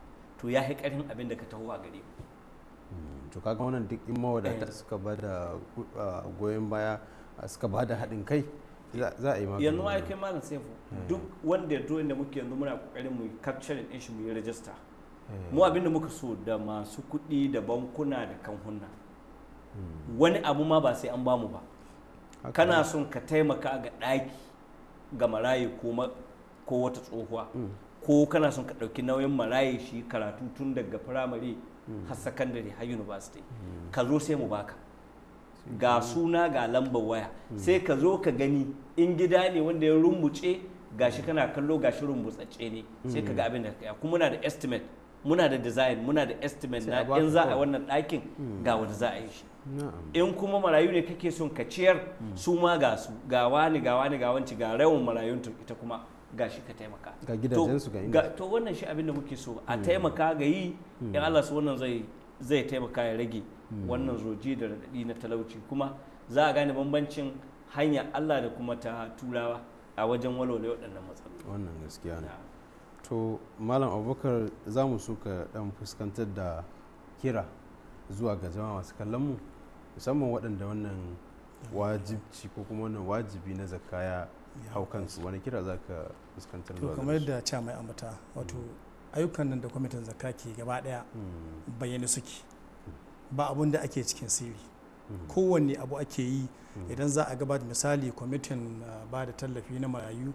Speaker 2: to ya haƙarin abin da ka taho a gare mu
Speaker 3: hmm. to kaga wannan duk in mawadata eh. suka ba da uh, goyon baya uh, suka ba da haɗin kai za a yi magana yanzu ai kai malam sefu eh. duk
Speaker 2: wanda ya inda muke yanzu muna kokarin eh. mu capture din shi mu yi rajista mu abinda muka so da masu kuɗi da bankuna da kanhunna hmm. wani abu ma ba sai an bamu ba kana son ka taimaka ga ɗaki ga marayi ko wata tsohuwa hmm. ko kana son ka ɗauki nauyin marayi shi karatu tun daga firamare Hmm. har secondary har university hmm. ka zo sai mu baka hmm. ga suna ga lambar waya sai ka zo ka gani in gida ne wanda ya rumbuce gashi kana kallo gashi rumbutsacce ne sai ka ga abin da ka kuma muna da estimate muna da design muna da estimate na in za a wannan ɗakin ga wanda za a yi shi in kuma marayu ne kake son ka ciyar su ma ga su ga wani ga wani ga wanci ga rawan marayun ita kuma ga shi ka taimaka
Speaker 3: ga gidajensu ga inda
Speaker 2: to wannan shi abin da muke so a hmm. taimaka ga yi hmm. in Allah su wannan zai zai taimaka ya rage hmm. wannan zoji da radadi na talauci kuma za a gane bambancin hanya Allah da kuma ta turawa a wajen walwale waɗannan matsaloli wannan gaskiya ne
Speaker 3: to malam abubakar za mu so ka dan fuskantar da kira zuwa ga zama masu kallon mu musamman waɗanda wannan wajibci ko kuma wannan wajibi na zakaya ya hau kansu wani kira za ka fuskantar to kamar yadda
Speaker 4: cewa mai ambata wato hmm. ayyukan nan da kwamitin zakka ke gaba daya
Speaker 3: hmm.
Speaker 4: bayyane suke hmm. ba abun da ake cikin sirri kowanne abu ake yi idan za a gabata misali kwamitin ah, ba da tallafi na marayu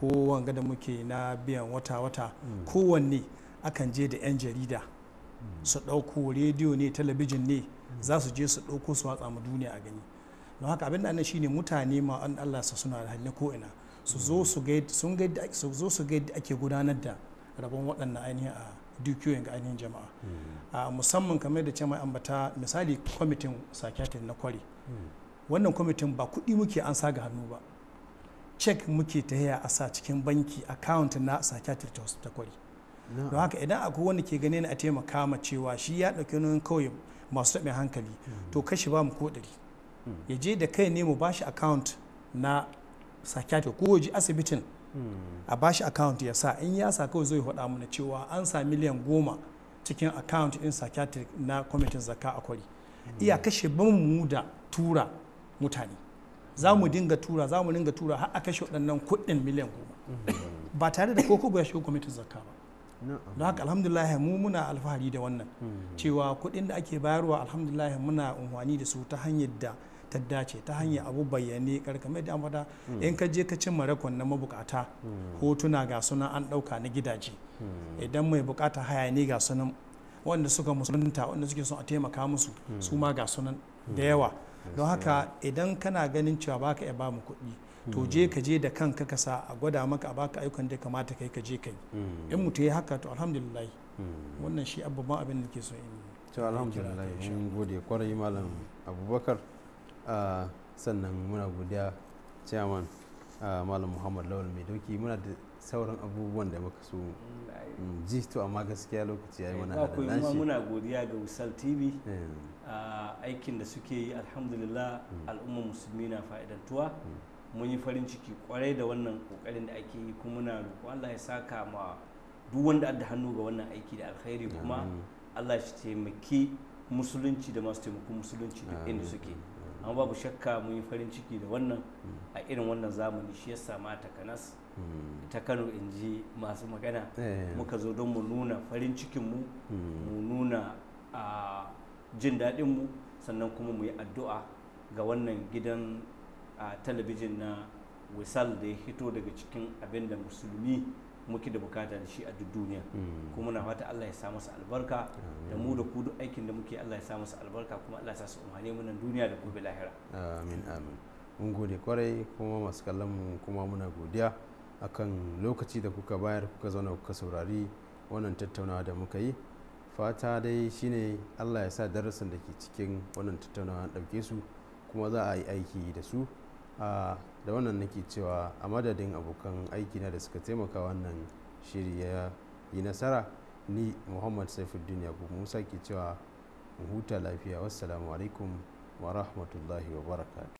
Speaker 4: ko wanga da muke na biyan wata-wata kowanne akan je da 'yan jarida su ɗauko rediyo ne talabijin ne za su je su ɗauko su watsa mu duniya a gani don haka abin da shine mutane ma an Allah sa suna da halle ko ina su zo su ga sun ga su ake gudanar da rabon waɗannan ainihin a ah, dukiyoyin ga ainihin jama'a hmm. a ah, musamman kamar da cewa bata misali kwamitin psychiatric na kwari hmm. wannan kwamitin ba kuɗi muke an sa ga hannu ba cek muke ta yaya a sa cikin banki account na psychiatric ta kwari don haka idan akwai wanda ke na a taimaka ma cewa shi ya ɗauki nauyin kawai masu taɓin hankali hmm. to kashi ba mu ko ɗari ya je da kai ne mu bashi account na psychiatric ko waje asibitin a bashi account ya sa in ya sa kawai zai faɗa mana cewa an sa miliyan goma cikin account in psychiatric na kwamitin zakka a kwari iya kashe mu da tura mutane za mu dinga tura za mu dinga tura har a kashe waɗannan kuɗin miliyan
Speaker 1: goma
Speaker 4: ba tare da koko ya shigo kwamitin zakka ba don haka alhamdulillah mu muna alfahari da wannan hmm. cewa kuɗin da ake bayarwa alhamdulillah muna unhwani da su ta hanyar da ta dace ta hanyar abu bayyane karkamai da amfada hmm. in ka je ka cin marakon na mabukata hmm. hotuna ga sunan an ɗauka na gidaje hmm. idan mai bukata haya ne ga sunan wanda suka musulunta wanda suke son a taimaka musu su ma ga sunan da yawa don haka idan kana ganin cewa baka ya ba mu kuɗi to je ka je da kanka ka sa a gwada maka a baka ayyukan da kamata kai ka je kai in mutu ya haka to alhamdulillah wannan shi babban abin da ke so in to alhamdulillah
Speaker 3: mun gode kwarai malam abubakar sannan muna godiya chairman malam muhammad lawal mai dauki muna da sauran abubuwan da muka so ji to amma gaskiya lokaci yayi mana da nashi muna
Speaker 2: godiya ga usal TV eh. aikin da suke yi alhamdulillah hmm. al'umma musulmi na fa'idantuwa
Speaker 1: hmm.
Speaker 2: mun yi farin ciki kwarai da wannan kokarin da ake yi kuma muna roƙo Allah ya saka ma duk wanda da hannu ga wannan aiki da alkhairi kuma Allah shi taimaki musulunci da masu taimakon musulunci duk inda suke amma babu shakka mun yi farin ciki da wannan hmm. a irin wannan zamani shi yasa ma ta kanas hmm. ta kano in ji masu magana eh. muka zo don mu nuna farin cikin mu hmm. mu nuna a jin mu sannan kuma mu yi addu'a ga wannan gidan talabijin na wisal da ya hito daga cikin abin da musulmi muke da bukata da shi a duk duniya hmm. kuma muna fata Allah ya sa masa albarka da mu da ku duk aikin da muke Allah ya sa masa albarka kuma Allah ya sa su umhane mu nan duniya da gobe lahira
Speaker 3: amin amin mun gode kwarai kuma masu kallon mu kuma muna godiya akan lokaci da kuka bayar kuka zauna kuka saurari wannan tattaunawa da muka yi fata dai shine Allah ya sa darasin da ke cikin wannan tattaunawa ɗauke su kuma za a yi aiki da su ah, da wannan nake cewa a madadin abokan aiki na da suka taimaka wannan shiri ya yi nasara ni muhammad saifuddin yakubu musa ke cewa huta lafiya wassalamu alaikum wa rahmatullahi wa barakatu